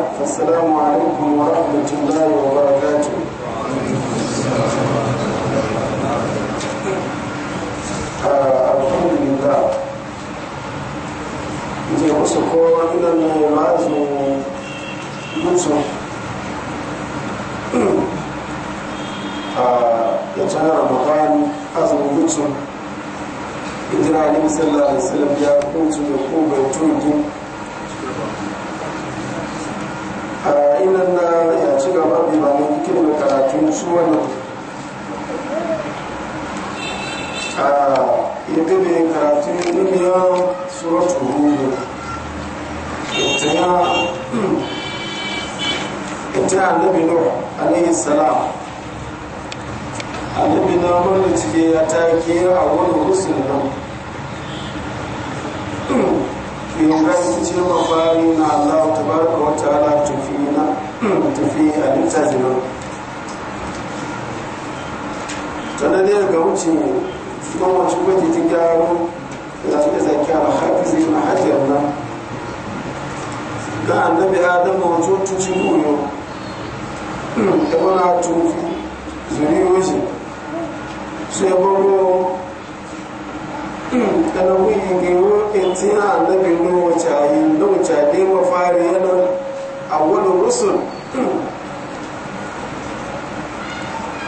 وبعد فالسلام عليكم ورحمة الله وبركاته الحمد لله kowa idan ne ba a mutu da tun suwanu yadda bai karatun ilimin suratu hudu ita ya ita annabi nuh alayhi salam annabi na wanda cike ya ta kera a wani rusul nan kira ce mafari na allah tabaraka wa ta'ala tafi na tafi a littazinin tana ne ga wuce kuma wasu kuma jikin gyaro da su da zaki a haƙi zai na hajiyar nan ga annabi adam na wato tuci koyo da wani tufi zuriyoyi su ya gbogbo ɗana wuyi gero ɗin na annabi na wace a yi na wace a dai mafari yana a wani rusul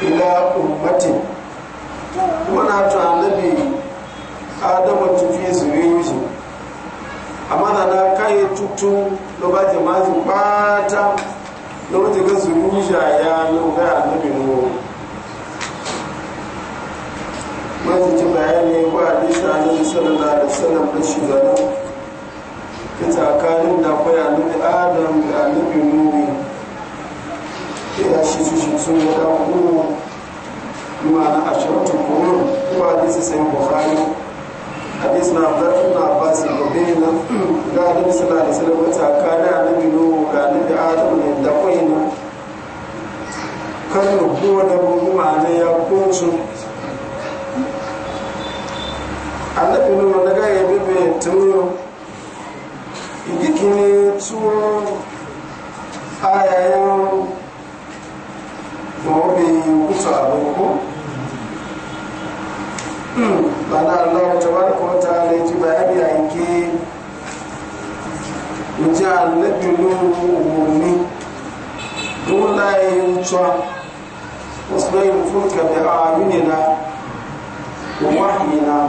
ila ummatin muna to annabi adama tufi zuri yuzu amma na na kai tutu lo ba jama'a ma zu pata lo je ga zuri yuzu ya lo ga annabi mu ma ji ji bayani ko hadisi annabi sallallahu alaihi wasallam da shi da nan ta tsakanin da kai annabi adam da annabi nuhu ya shi shi sun da kuma بمعنى عشرة قرون هو حديث سيد البخاري حديث عبد الله بن عباس الربينا قال النبي صلى الله عليه وسلم وتعالى عن النبي نوح قال النبي آدم من دقينا كان نبوة بمعنى يكون annabi nuna daga ya bebe tunu igikini tun ayayen mawabi kusa abubuwa mana Allah tabaraka wa ta'ala yaji bayani a yanke wuce annabi nuhu umurni dole ya yi wucewa wasu bayan fulka da aminina da wahina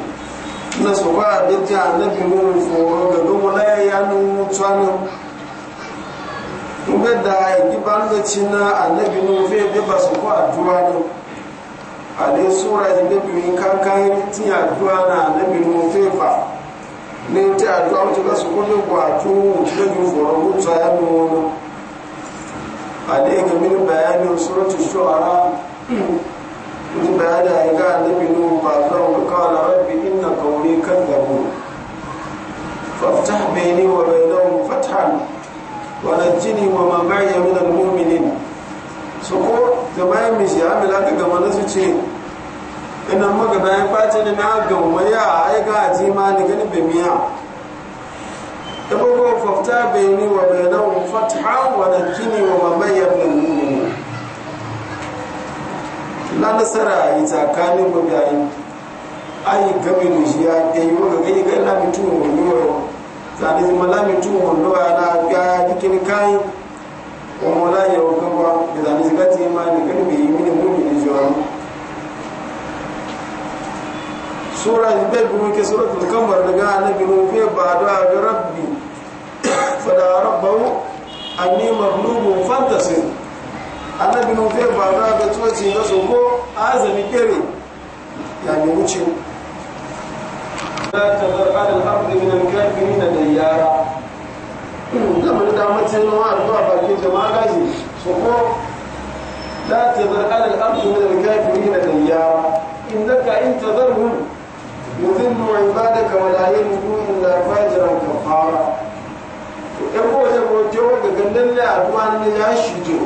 na sọ̀kọ́ àdéjì ànábì mú fòrò gẹ̀gẹ́ mú lẹ́yà ní mú da e na ànábì mú fẹ́ bébà sọ̀kọ́ àdúrà ní àdé kankan na ànábì mú fẹ́ fà ní tí àdúrà ó ti bá sọ̀kọ́ ní kò àtúwò lẹ́yìn fòrò mú tánú wọn àdé gẹ̀mí ní bàyá ti ara kutuba ya da ya ga annabi nuhu ba zan kala rabbi inna qawli kadzabu faftah bayni wa bainahum fathan wa najjini wa man ma'iya min al-mu'minin so ko da bayan mi shi amila ka gama na su ce ina maka bayan face ne na gama ya ai ga wa na nasara yi tsakanin mabiyayi yi gami da shi ya ke yi wanda ga gani ga lami tuwo wani yau zane zama na mutum wani yau na ya dukkan kayan wani wala yau gaba da zane zika ta yi ma da gani mai yi mini muni da jiwa sura ne bai bi muke suratul kamar daga annabi nufi ba da ga rabbi fada rabbahu anni maghlubun fantasir annabi no fe ba ra da tsoci da soko azami kere ya ne wuce la tazar ala al mai min al da yara zama da mutun a zuwa bakin jama'a gaji soko da ta la tazar ala al-ardi min al-kafirin dayyara innaka in tadharhum yudhillu ibadaka wa la yalidu illa fajran kafara ko ɗan kowace kowace wadda gandun ne a duwa ne ya shi jo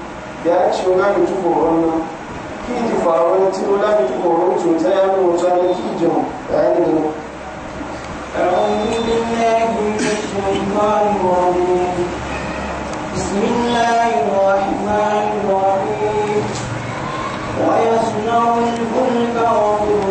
da ya ce wani mutu koron nan ki ji faru na ci wani mutu koron cuta ya mu wata ne ki ji mu ya ne da أعوذ بسم الله الرحمن الرحيم ويصنع الفلك وهو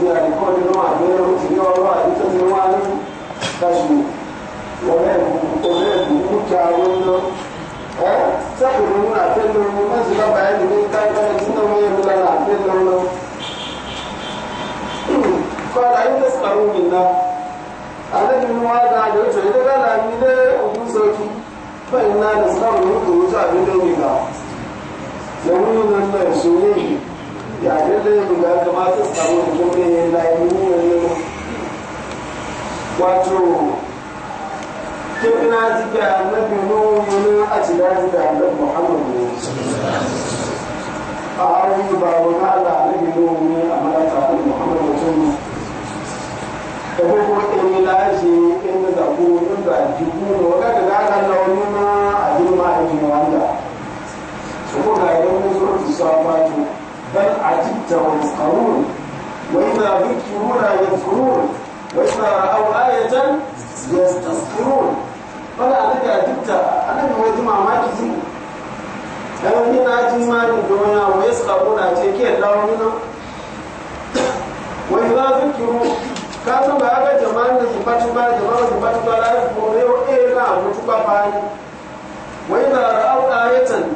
ti àdìkọ́ni náà àgbẹ̀rẹ̀ ó ti rí ọwọ́ àdìtọ́ ni wọ́n á ní káṣù ọ̀rẹ́ ìbùkúta lọ́nà ẹ́ sẹ́kùnrin náà àtẹ́lẹ̀ ọmọ mẹ́sì bàbá ẹ̀ ní káyọ̀ tí náà wọ́n yẹ kó lára àtẹ́lẹ̀ ọmọ. kọ́ra ilé sàrún mi náà alẹ́ mi wá dáa lè tó ilé dára mi lé ògùn sọ́kì bẹ́ẹ̀ náà lè sàrún mi kò tó àbí lẹ́yìn náà lẹ́wọ́n yìí náà lọ ìṣòro yìí. da buga kamata su samu mutum ne na yi wani wato kifina zika annabi nuna a shiga zika annabi muhammadu a harbi ba wani ala annabi nuna a malaka annabi muhammadu mutum da kuma ɗin lashe inda zaɓo inda jiku da wadda da aka launi ma a jirma a jirma wanda su kuma ga idan musulunci sa fato بل عجبت ويسخرون وإذا ذكروا لا يذكرون وإذا رأوا آية يستسخرون فلا أنك عجبت أنك ويجمع ما كذي أنا هنا أجي ما يدعونا ويسخرون أتيكي اللهم وإذا ذكروا kasu ba ga jama'an da su fatu ba jama'an su fatu ba la yau ko yau eh na mutu ba ba ni wa idza ra'aw ayatan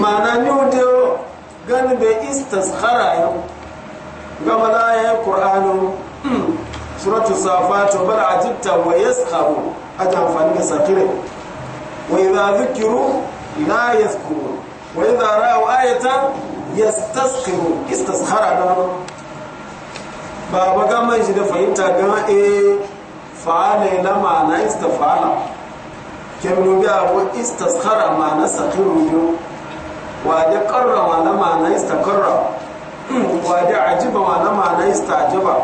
ma'ana yudero gani bai istaskhara yau gama la ya yi ƙur'anu hmm, suratu safa to bal ajibta wa yaskharu a amfani da sakire wa idza zukiru la yazkuru wa idza ra'u ayatan yastaskhiru istaskhara da baba gama man shi da fahimta ga e fa'ala la ma'ana istafala kemnu ga wa istaskhara ma'ana sakiru yau waje karra wa na ista istakarra waje ajiba wa na ista ajiba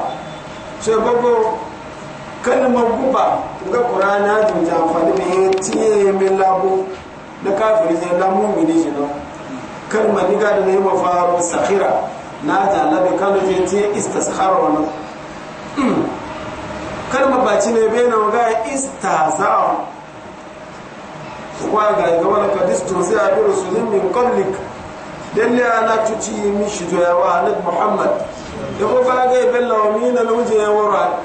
sai gbogbo kalmar guba ga qur'ana jin jamfani amfani da yin tiye min labo da kafiri ne da mu'mini shi no kalmar ni da yi mafaru sakhira na ta labe kallo je tiye ista wa wani ba ci ne bai na ga za'a kwa ga ga wala ka disto sai a bi rasulin min qablik dalle ana tuci ya wa muhammad da ko ga bella wa mina lauje ya wara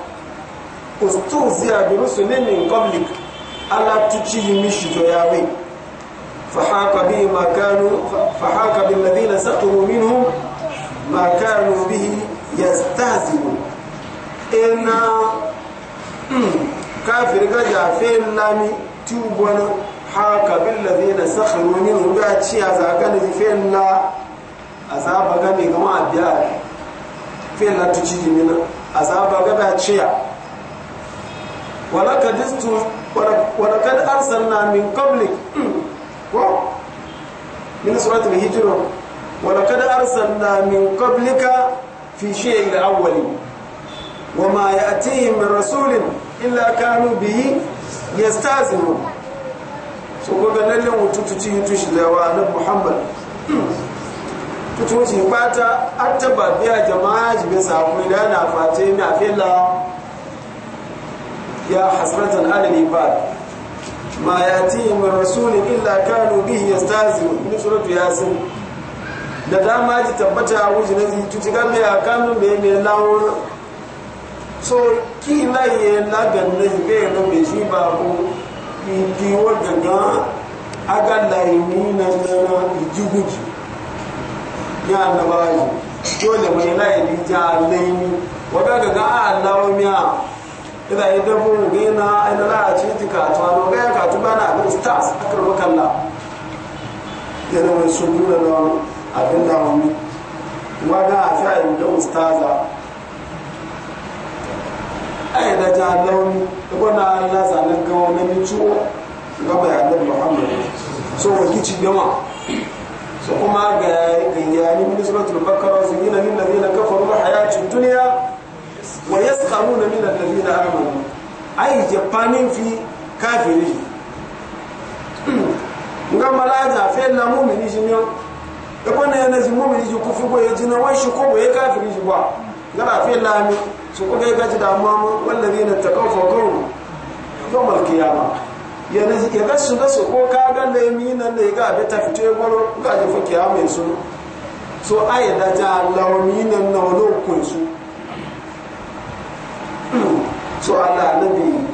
sai فحاق به ما كانوا فحاق بالذين سقطوا منهم ما كانوا به يستهزئون إن كافر قد عفين haka billazi na sakhiru minhum ba ci azaka ne fi'l la azaba ga me gama abiya fi'l la tuci min azaba ga ba ci wala kadistu wala kad na min qablik wa min surati al-hijr wala kad arsalna min qablika fi shay'in al-awwal وما يأتيهم من رسول so ko ga lalle wutu tuci yutu shi wa annabi muhammad tutu shi bata attaba biya jama'a ji samu da na fate na fela ya hasratan ala ibad ma yati min rasul illa kanu bihi yastazi ni suratu yasin da dama ji tabbata wuji na ji tuci ga me kanu me me lawo so ki la ye la ganne be no be shi ba ko igi wadda ga aga laimi na nana iji guji ya annaba yi dole mai laimi ja laimi wadda ga ga a lawamiya ina yi dabo gina ina za a ce ji katu a ga ya katu ba na ga stars a karbi kalla yana mai sun nuna na abin lawami wadda a sha yi da ustaza yi da ja launi ibana ila zanen gawa na mituwa ga bayanan muhammadu so wakici gama so kuma ga gayyani min suratul bakara zuyina lil ladina kafaru hayatud dunya wa yasqaruna min alladina amanu ai japanin fi kafiri nga malaza fe la mu'mini jinyo e kona yana ji mu'mini ji kufi ko yajina wa shi ko ya kafiri ba ngara fi lami su kuma ya gaji damuwa mu ne na takaw kawo kawu yawmal qiyama yana ya ga su da su ko ka ga ne mi nan ne ga be ta fito ya goro ga ji fa kiyama su so da ta lawo na wani ko su so ala nabi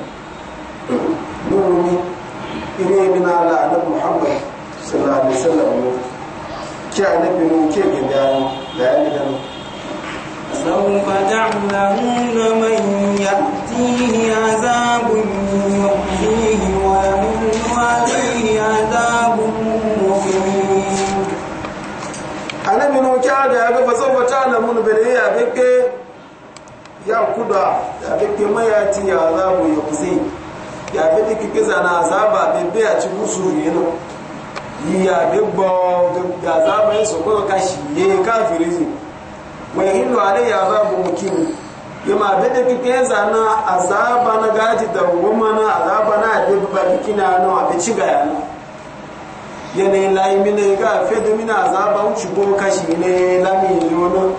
nuni ire min ala nabi muhammad sallallahu alaihi wasallam ke mu da ya سوف تعلمون من يأتيه عذاب يحييه ويمن عليه عذاب مقيم أنا من وكاد فسوف تعلمون بلي أبيك ya kuda ya bike mayati ya azabu ya kuzi ya bike na azaba bebe a ci musu yino yi ya bigbo da azaba yin sokoto kashi ye ويهل عليه عذاب مقيم yama bada kike zana azaba na gaji da woman azaba na da ba kina no a bici ga yana yana lai mine ga fe da mina azaba u ci go kashi ne lami yono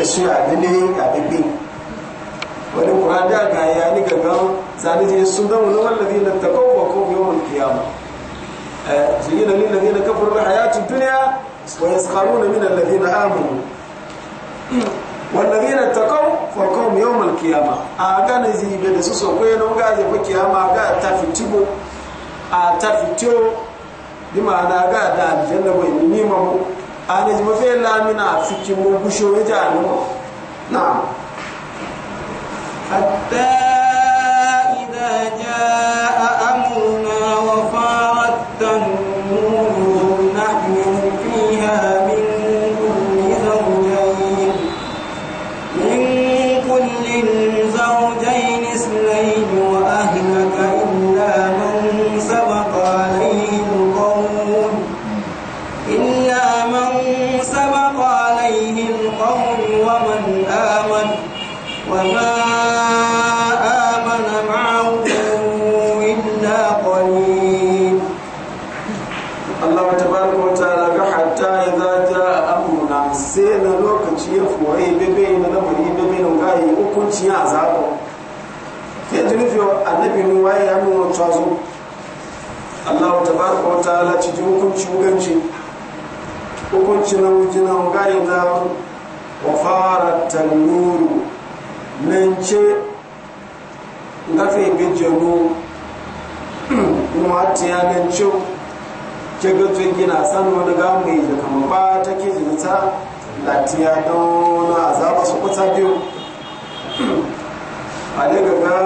esu ya dele ga bibi wani qur'an da ga ya ni ga ga je sun da wani wallazi na takawa ko yawon kiyama eh, zuyina lil ladina kafaru hayatid Wani wa yasqaruna min alladhina amanu والذين اتقوا فوقهم يوم القيامة أغانا زي بدسو سوكوين وغازي بكيامة أغا تفتبو أتفتو بما أنا أغا الجنة جنة وينيمة أنا زي مفين لامنا فكي مو بشو يجعلنا نعم حتى hukuncin zaɓo ke jirfi annabi nuwa ya nuna tsazo Allah ta ba ko ta'ala ci ji hukunci hukunci hukunci na wujina gari na wa fara tanuru nan ce gafe bijanu kuma ta ya nan ce ke gatun gina san wani gamu ya kama ba ta ke jinta latiya don azaba su kusa biyu ale gaga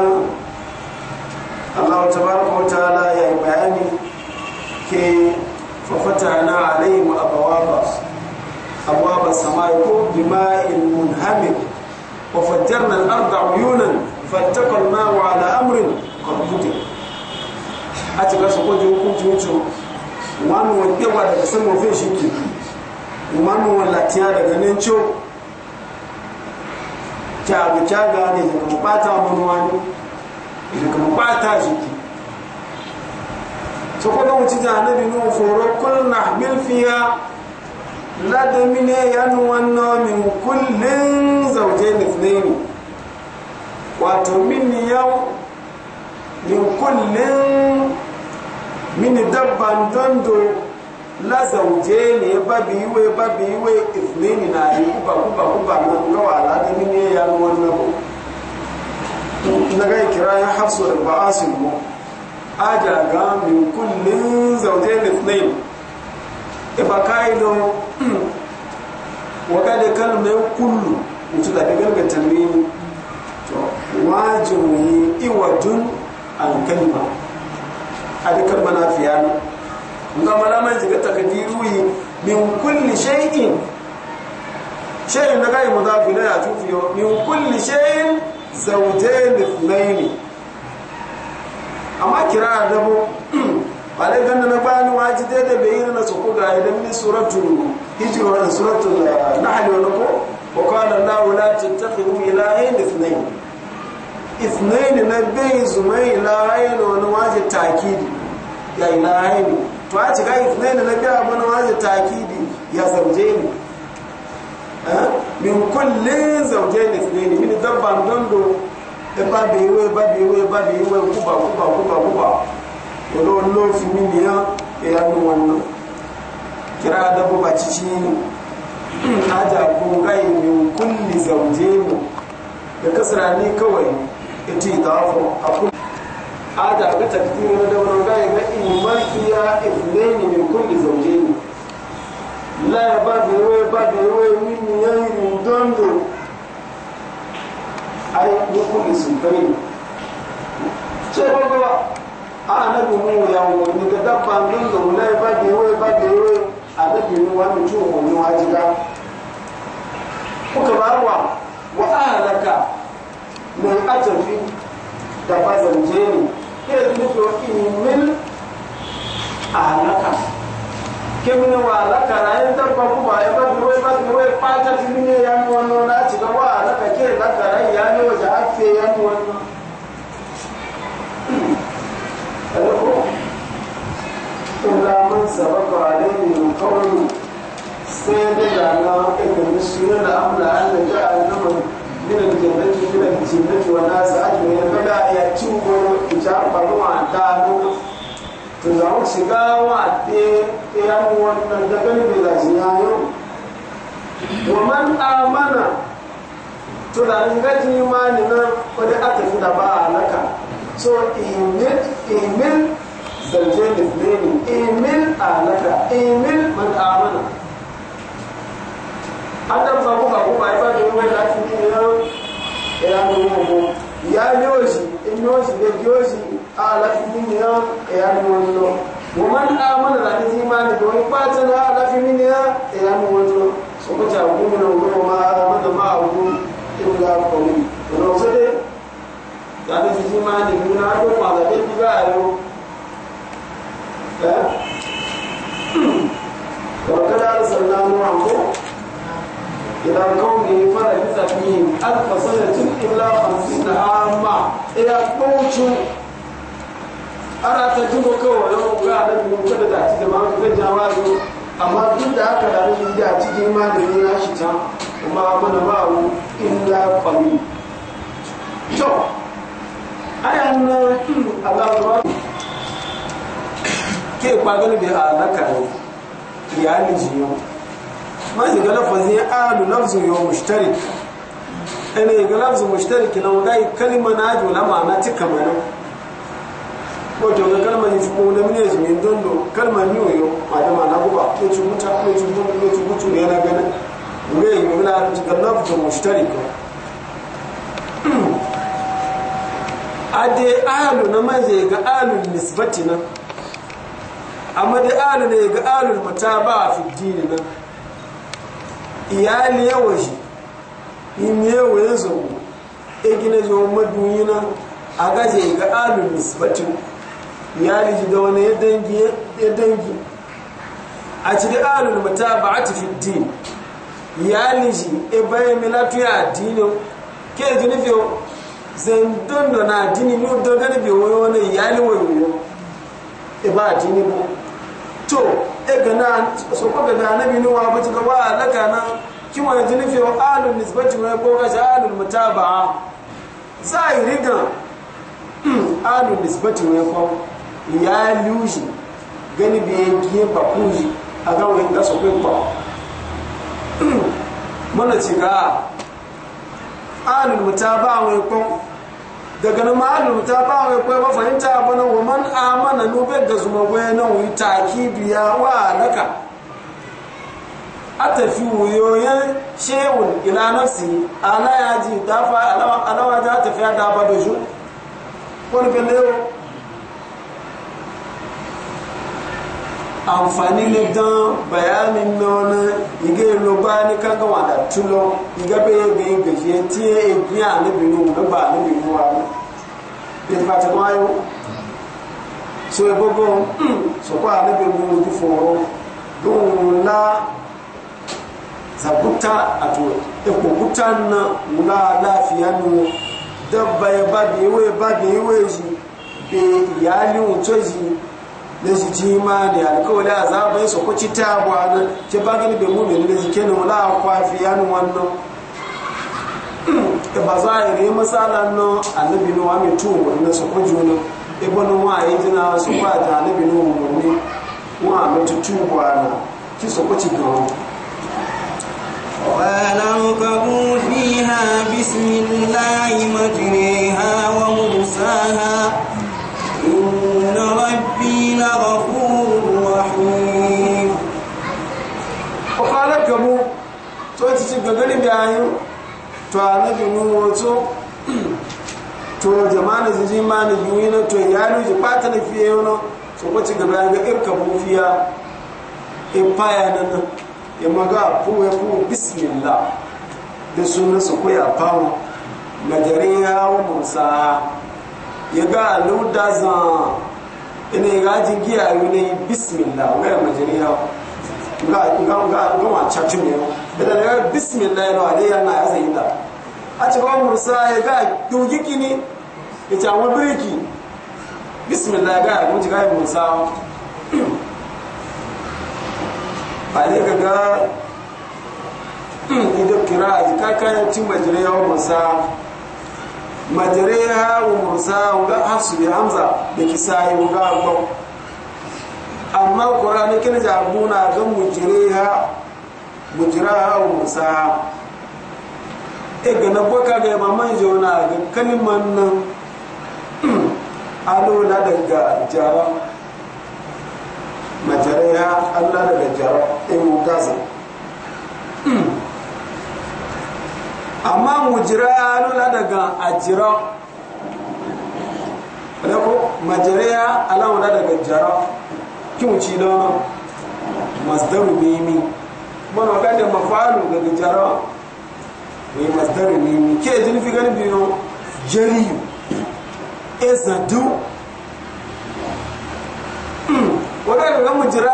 Allah tabaraka wa ta'ala ya yi bayani ke fafata na alaihim abawaba abawaba samai ko bima'in munhamid wa fajjarna al-arda uyunan fattaka al-ma'u ala amrin qad a ci gasu ko jinku daga sama shi latiya daga nan kyabu chaga ni daga mubata mun wani daga mubata jiki so kwa don ci da annabi no foro kul nahmil fiha ladamine yanu wanna min kullin zawjayn ithnayn wato mini yau min kullin min dabba ndondo la zauje ne babi iwe babi iwe ifnini na yi kuba kuba kuba na gawa ni ne ya ruwan na nabo na gai kira ya hafsu da ba asin mu aja ga min kullin zauje ne ifnini ifa kailo wa kada kalma kullu mutu da daga talmini to wajibi iwadun alkalma a dukkan manafiya ne nga malaman jiga takadiru yi min kulli shay'in shay'in da kai mudafi la ya tufi min kulli shay'in zawjayn ithnayn amma kira da bu dai ganda na bani waji dai da bayin na su ko ga idan ni suratu hijru wa suratu nahl wa ko wa qala allah la tattakhidhu ilahayn ithnayn ithnayn na bai zumai ilahayn wa waje takidi ya ilahayn to a ci gai ne na biya mana wani takidi ya zauje ni eh? min kulle zauje su ne ni min dabban dondo e ba be we ba be we ba be we kuba kuba kuba kuba olo wani fi min ya e ya ni wannan kira da bu ba cici ni haja ko gai min kulli zauje ni da kasra ni kawai ita da afu هذا كتكتير دور غاية إمكيا اثنين من كل زوجين لا يبادي ويبادي ويمين يهيري دوندو أي نقول كل سنتين شبابا أنا بمو يوم نتدبع من دور لا يبادي ويبادي ويبادي أبدي وأنا جوه ونواجه kuka barwa wa ahlaka mai atafi da bazan جيني كيف مثل إن أهلك كمن وعلك رأيت ربما بعبد نوي بعد نوي بعد من يام ونونا تجوا وعلك كيف لك رأي يام وجهك في يام ونونا إلا من سبق عليه القول سيدنا إذا مسلم أمر أن جاء النمر من الجنة من الجنة والناس أجمعين فلا يأتوكم إجار بلوان دانو تزعون سقاوة تيام والندقل بلا زيانو ومن آمن tunanin gaji imani na wani atafi da ba a naka so imin imin zanje da imin a naka imin man adam ba ku ga ku ba ba do we la ti yo era no mo mo ya yosi inosi de yosi ala ti ya yo era mu no wa man amana la ti ma ni do pa ta na ala fi ya ya mu no no so e ko ta ku no no ma ma ma ku illa qawmi no de da ti ti ma ni ku na do pa da ti ga yo e eh وقد أرسلنا نوحا إلى قومه فلبث فيهم ألف سنة إلا خمسين عاما إلى قوته أنا تجيبه كوي يوم قاعد من كل ذات تمام في جوازه أما كل ذاك لا يجي ذات ما نبينا شتى وما من معه إلا قليل شو أنا الله كيف بقول بها لك يعني جيوم man ga lafazin alu lafzu yo mushtarik ene ga lafzu mushtarik na wadai kalma na jo na ma'ana ti kamar ko to ga kalma ni ko da mine ji min do kalma ni yo ma da ma'ana guba ko ci muta ko ci muta ko ci mutu ne na gani. ngai yi la ga lafzu mushtarik ade alu na maje ga alu nisbati na amma da alu ne ga alul mutaba fi dini na iyali waje shi in yawa ya zo e gina ji wani maduyi na a gaje ga alu nisbatin ya ji da wani ya dangi a ci da alu mata ba a tafi din ya liji ya e bayan milatu ya addinin ke ji nufi zan dondo na addini ni dondo ne bai wani iyali wayo ya e ba addini ba to e gana so ko ga annabi nu wa bata ga wa laka na ki wa jini fi wa alun nisbati wa ko ga alun mutaba'a sai riga alun nisbati wa ko ya luji gani be giye a ga wani ba mana ci ga alun mutaba'a wa daga na ma'alum ta ba wa kai mafahimta abana wa man amana nube da zuma waya nan wuyi taki biya wa naka a tafi wuyoyin shewun ila nafsi ala ya ji dafa alawa ta tafiya da ba da ju wani gane yau amfani le dan bayanin nona iga lo ba ni kanga wanda tulo iga be be gaje ti e gya ne bi no ba ne bi no wa ne ba ta ma yo so e gogo so kwa ne be mu du foro do la zabuta ato e ko buta na la lafiya no dabba ya ba bi we ba bi we ji be iyali utoji na shi ji imani alkawali a zaɓin su ko ci ta gwanan ke ba gani bai mu ne ji kenan wala a kwafi yan wannan e ba a yi masala no annabi no ami tu wannan na ki فيها بسم الله مجريها ومرساها gagari bayan to annabi nu wato to jama'a ziji ma na biyu na to yaro ji pata na fiye yau so ko ci gaba ga irka bufiya in faya na nan ya maga ko ya ko bismillah da sunan su ko ya fawo ya wa musa ya ga luda zan ina ga jingiya yi ne bismillah wa majariya ga ga ga ga ne da ali yana ya sai da a ci ba musa ya ga dugi kini ya ta mu biriki bismillah ga mu ji ga musa ba ne ga ga idan kira ji ka kayan cin majire ya musa majire ya musa mujraha musa musaha e ga na boka ga mamman jona ga kaliman nan alola daga jara majaraiha allah daga jara e mu kasa amma mujraha alola daga ajira ko majaraiha alawala daga jara kin ci don masdaru bi min mana da mafalu ga bijara wai masdar ne mi ke jin fi gani biyo jari ezadu hmm. wadanda ga mujira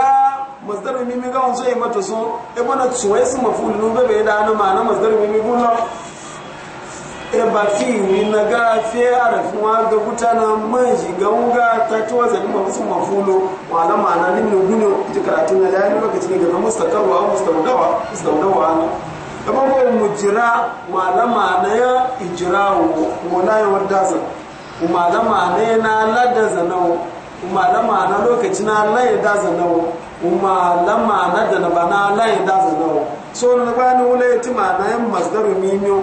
masdar mimi ga wanzu ya mata so e bana tsoye su mafulu be be da na ma na masdar mimi gullo eba fi na ga fi arafin wa ga gutana man shiga wuga ta tuwa zabi ba musu mafulo ma'ana ma'ana nin na guno ji karatu na da yana lokacin ga ga mustakarwa mustaudawa mustaudawa na eba ko mujira ma'ana ma'ana ya ijira wo na ya wadda zan ma'ana ma'ana ya na ladda zanawo ma'ana ma'ana lokacin na laye da zanawo ma'ana ma'ana da na bana laye da zanawo so na bani wula ya ti ma'ana ya masdaru mimiyo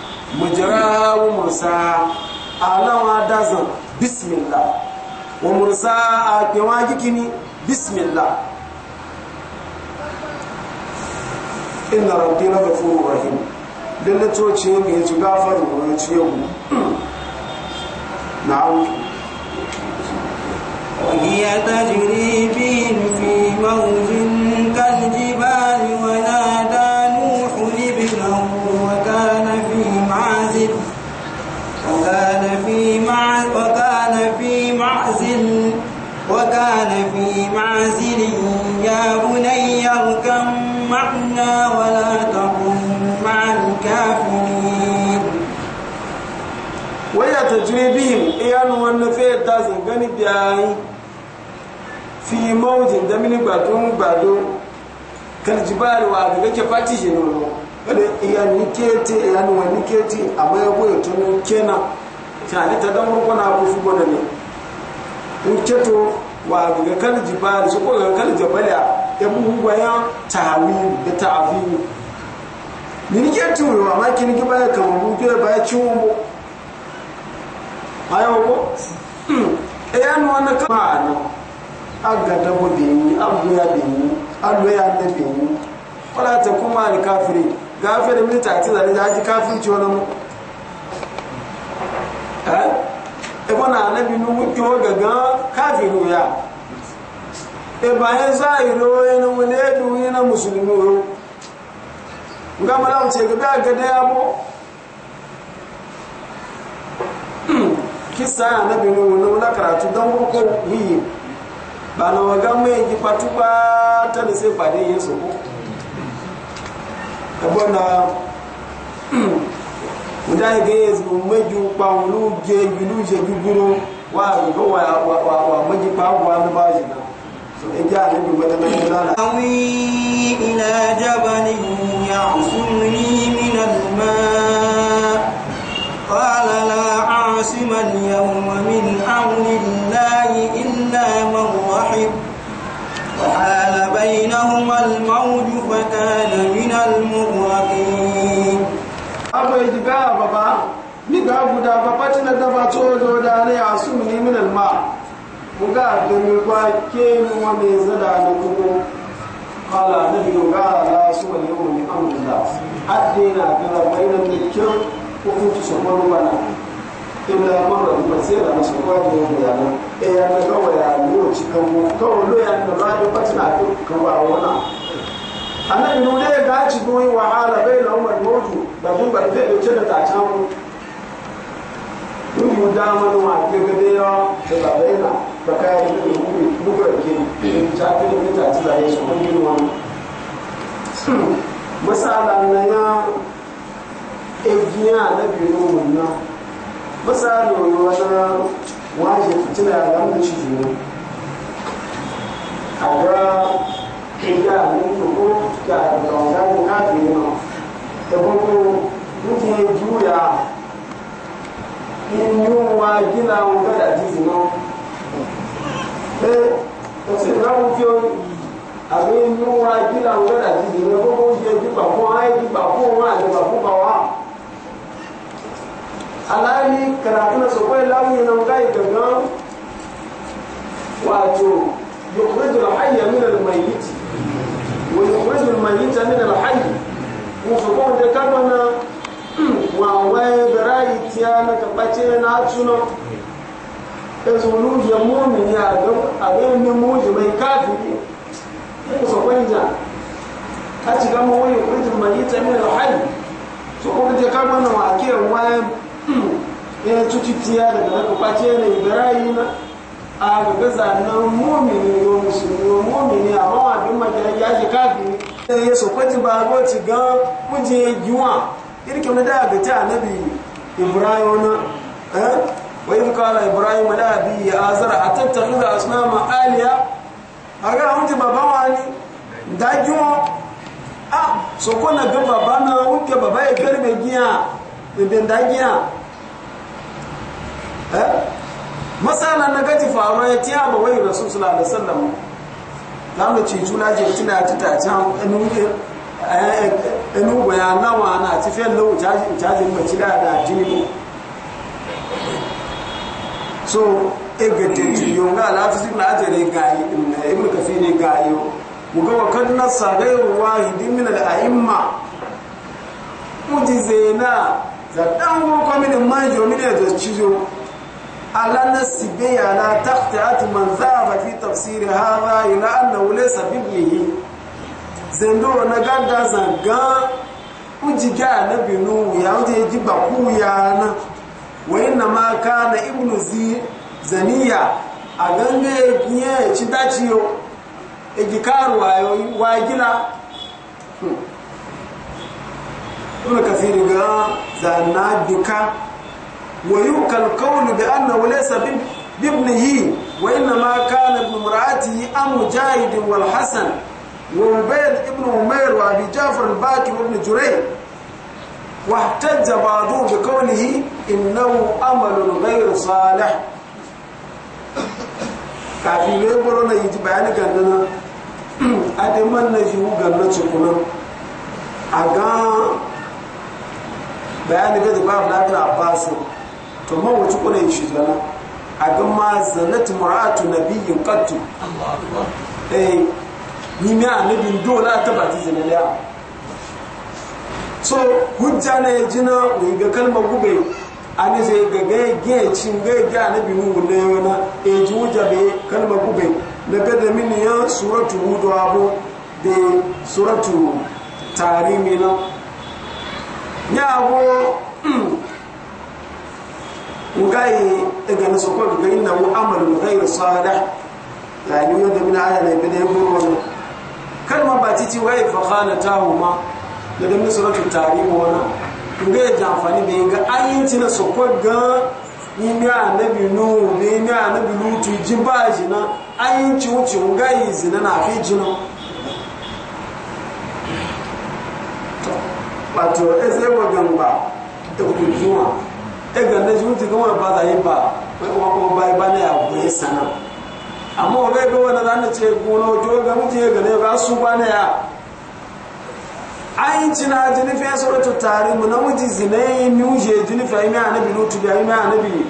mu jira mursaha alawa dazan bismillah wa mursaha ke wa gikini bismillah inna rabbi la ghafurur rahim lalle to ce وهي تجري في يا بني اركم معنا ولا تكن مع الكافرين وهي تجري بهم ايان ونفي دازن غني بياي في موج دمني باتون بادو كالجبال وادغك فاتي جنو kada iya niketi iya nuwa niketi amma ya goya tunan kenan ta ni ta dan rukuna ko su gona ne in keto wa daga kan jibali su ko daga kan jabala ya buhu bayan tawilu da ta'zimu ni ke turu ma ma kin ki baya kama mu ke baya ciwon mu ayo ko e an wannan kama an aga da bo bin abu ya bin alu ya da ni wala ta kuma al kafiri gafirin mita ta da ji kafirci mu eh ebo na anabi nuhu kyo gaga kafiru ya e bayan zairo yana wani edu yana musulmi ro nga mala ce gaga gada ya bo kisa anabi nuhu na wani karatu don ko yi ba na waga mai yi patuba ta da sai fadin yin su ko nda ga zo maju pa lu je bilu je guguro wa go wa wa wa maji pa wa na ba ji na so e ja ne bi wata mai dala awi ila jabalin ya'sumni min al-ma qala la عاصم اليوم من أمر الله إلا من رحم وحال بينهما الموج فكان من المغرب ga guda ba fatin da ba to da da ne a su ni min alma mu ga da mi kwa ke mu wa me zada da kugo qala nabi ga la su wa yau ni amrullah addina ga da bayin da kyau ko ku su ko bana da marra ba sai da su ko da ya nan e ya ga wa ya mu ci kan mu to lo ya da ba da fatin ku ka ba wana annabi ne ga ci goyi wahala bai na umar mawdu da mun ba da da ta can kun mu da mun da ya da babaina ba kai da ku ku ku ke in ta ke ne wani na ya ejiya da biyu mun na masala ne wata waje fitina da mun ci ne a ga kinga mun ko ka da wannan ka ne ma ko inú wa gina wọn bẹ́ẹ̀ dàjí sí náà pé òsì náà fi ó àbí inú wa gina wọn bẹ́ẹ̀ dàjí sí náà gbogbo oúnjẹ gbígbà fún wọn ayé gbígbà fún wọn àti gbà fún bà wá. aláàrí kàràkì náà sọ pé láwùjọ náà ká ìgbẹ̀gán wàjò yòkúrẹ́jọ àyè ma da rayu tiya na kaɓace na tuna ya mumini a ganin muji mai kafiri ya kusa a ci gama wani kujin mai kama na wake wayan ya daga na na ibrahim a ga gaza na mumini yo musulmi yo mumini ya shi irke wani da ga ta annabi ibrahim na eh wa in a ibrahim la bi azara atattakhidha asnama aliya aga hunji baba wani dajumo ah so ko na ga baba na wuce baba ya garbe giya be dajiya eh masala na gaji faruwa ya tiya ba wai rasul sallallahu alaihi wasallam zamu ci juna je tuna ta ta can ẹnu gbọ̀nyà náwọn àna àti fẹ́ lówó ìjáde mọ̀tí dáadáa dín nínú so egede jiyo nga alafisi na ajere gayi ibn kafini gayo muga wa kan nasa wa wahidin min al-a'imma mujizena za dan ko ko min manjo min da cizo ala nasibe ya la taqta'at man zaba fi tafsir hadha ila annahu laysa bihi zenduro na ganda san gan unji na binu ya unji ji ba ku ya na wai na ma ka na ibnu zi zaniya a ganga ya ci daci yo e ji karu ayo wa gila kuma hmm. ka firi ga zanna dika wayu kal qawlu bi anna wa laysa bi ibnihi wa inma kana ibn mar'ati am mujahid wal hasan وعبيد ابن عمير وابي جعفر الباكر وابن جريج واحتج بعضهم بقوله انه عمل غير صالح kafin ne boro na yi bayani gandana a da ma na yi ganna cikuna a ga bayani ga da babu lafiya a to man wuce kuna yi shi zana a ga ma zanat muratu nabiyyin qattu nyimi a ne bindu ola ta ba ti zene lea so hujja ne ye jina o yi ga kalma gube a ne zai ga gaye gaye cin gaye gaye a ne bindu wo ne na e ji hujja be kalma gube na ga da mini ya suratu hudu abu da suratu tari mai na ya abu ugai daga nasu kwa gaba inna mu amalu ghayr salih yani wanda min ayana ibn ibn wannan kalma ba titi waye fa khana da dan amfani da ayin na sokko ga ni mi annabi nu ni mi annabi tu jimba jina ayin ci na fi jina wato ese ba da kujuwa e ga na ba yi ba ba ne a amma ogai ga wani zan ce gono jo ga mutu ya gane ba su ba ne ya ayin cina jini ya sura ta tare mu namiji zinai mi uje jini fe mai anabi lutu ga mai anabi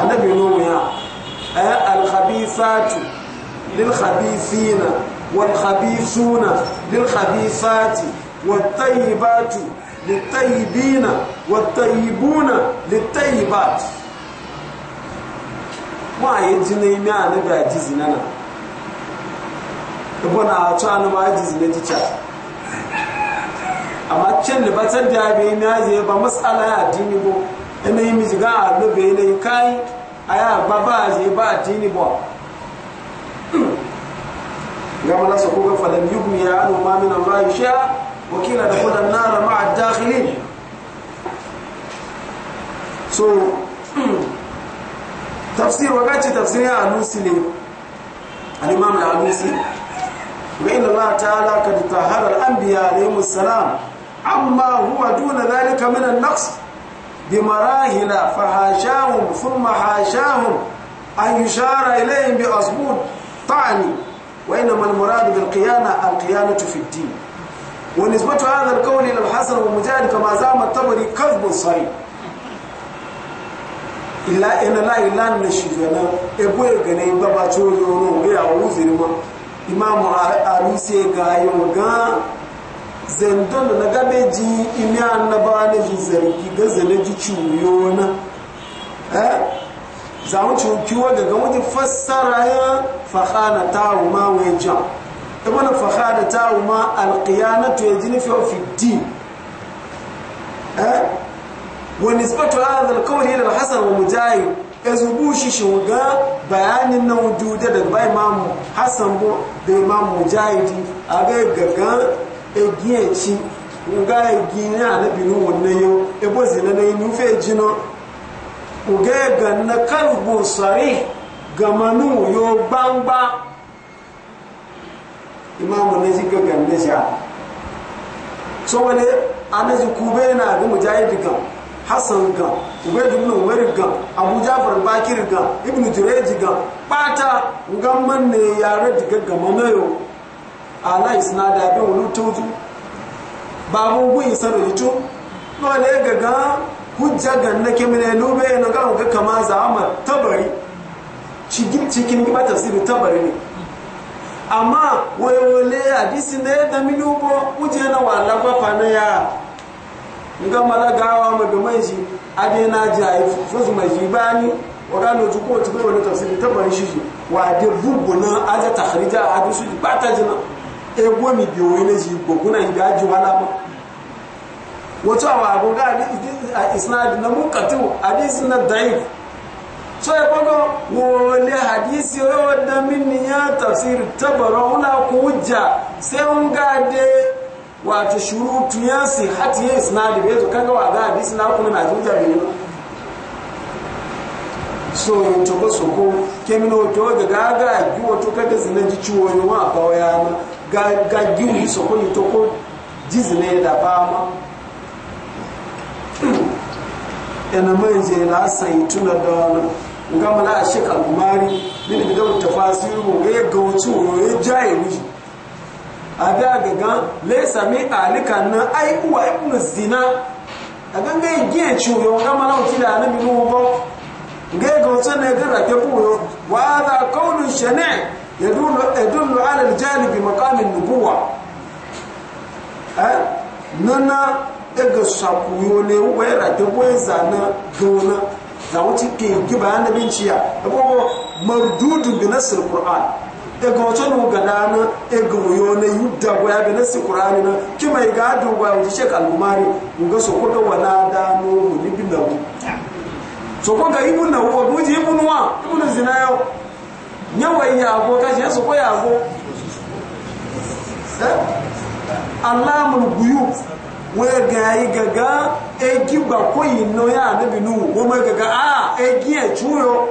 anabi nomu ya ay eh, al khabithatu lil khabithina wal khabithuna lil khabithati wat tayyibatu للطيبين والطيبون للطيبات wa ya ji na ime a naga ji zina na ibo na anu ma ji na ji ca amma da batar da bai ime a zai ba matsala ya dini bo ina yi mijiga a lobe ina yi kayi a ya ba ba a zai ba addini bo gama na sako yugni ya anu ma min Allah ya sha wakila da kudan nara ma'a dakhilin so تفسير وقت تفسير الألوسي الإمام الألوسي وإن الله تعالى قد طهر الأنبياء عليهم السلام عما هو دون ذلك من النقص بمراحل فحاشاهم ثم حاشاهم أن يشار إليهم بأصبوط طعن وإنما المراد بالقيانة القيانة في الدين ونسبة هذا القول إلى الحسن ومجاهد كما زعم الطبري كذب صريح ila ina la ila na shigana ba egane baba chori ono ge awu zirima imamu arusi ga yo ga zendon na gabe ji imi annaba ne ji ki ga zane ji ciwo na eh za mu ci kiwa ga ga wani fassara ya fakhana ta'u ma waja ibn e ta ta'u ma alqiyanatu yajni fi din eh ونسبة هذا القول إلى الحسن ومجاهد ezubushi shuga bayanin na wujude daga ba imamu hassan bu da imamu mujahidi a ga gaga egiyanci nga egiyan alabinu wannan yau ebo zina na inu fe jino nga ga na kalbu sari gamanu yo gbangba imamu na ji gaga na sha so wani anaji kube na ga mujahidi kan hassan ga ubaidu ibn ga abu jafar bakir ga ibn jireji ga bata gamman ne yare diga gama na yau ala isna da bin wani tozu babu gun isa da yito lole ga ga hujja ga na ya lube na ga ga kama zama tabari cikin cikin ba tafsiri tabari ne amma wayewale disi ne da minubo uje na wala gwafa na ya nga mala gawa ma do mai ji ade na jai fuzu mai ji bani wa ga no tuko tuko wani tafsiri ta bari shi wa de bubu na aja tahrija adu su ba ta jina e go mi bi o ne ji go kuna ji ga ji wala ba wato awa go ga a isnad na mu katu hadis na daif so ya le wole hadisi da min ya tafsir tabara una ku ja sai un ga de wato shurutu ya hati ya na bai to kanga wa ga hadisi na kuma na jinja bai so to ba so ko kemino to ga ga ga gi wato kada zina ji ciwo ne wa ba waya ma ga gi wi so ko ni ji zina ya da ba ma ina mai je na sai tuna da wani gama na a shekaru mari ne da ga tafasiru ga ga wato ya jaye wuji a ga gaga laisa mi alika na ai uwa ibnu zina a ganga yi giye ciwo ga malauci da annabi nuhu ba ga ga wasu ne ga rake kuyo wa hadha qawlun shani' yadullu yadullu ala al-janibi maqam an-nubuwa eh na daga sakuyo ne uwa ya rake boye na gona za wuce ke giba annabin binciya da kuma mardudu bi nasr qur'an ega wato nu gada na ega wuyo na yudda goya ga nasi qur'ani na kima ga du ba wuce shek al-umari mun ga so ko ga wala da no mu libin da mu so ko ga ibn na wo mu ji wa ibn zina yo nyawa ya go ka shi so ko ya go eh? alamul guyub wegayi gaga egi ba koyi no ya nabi nu wo ma gaga a ah, egi e chuyo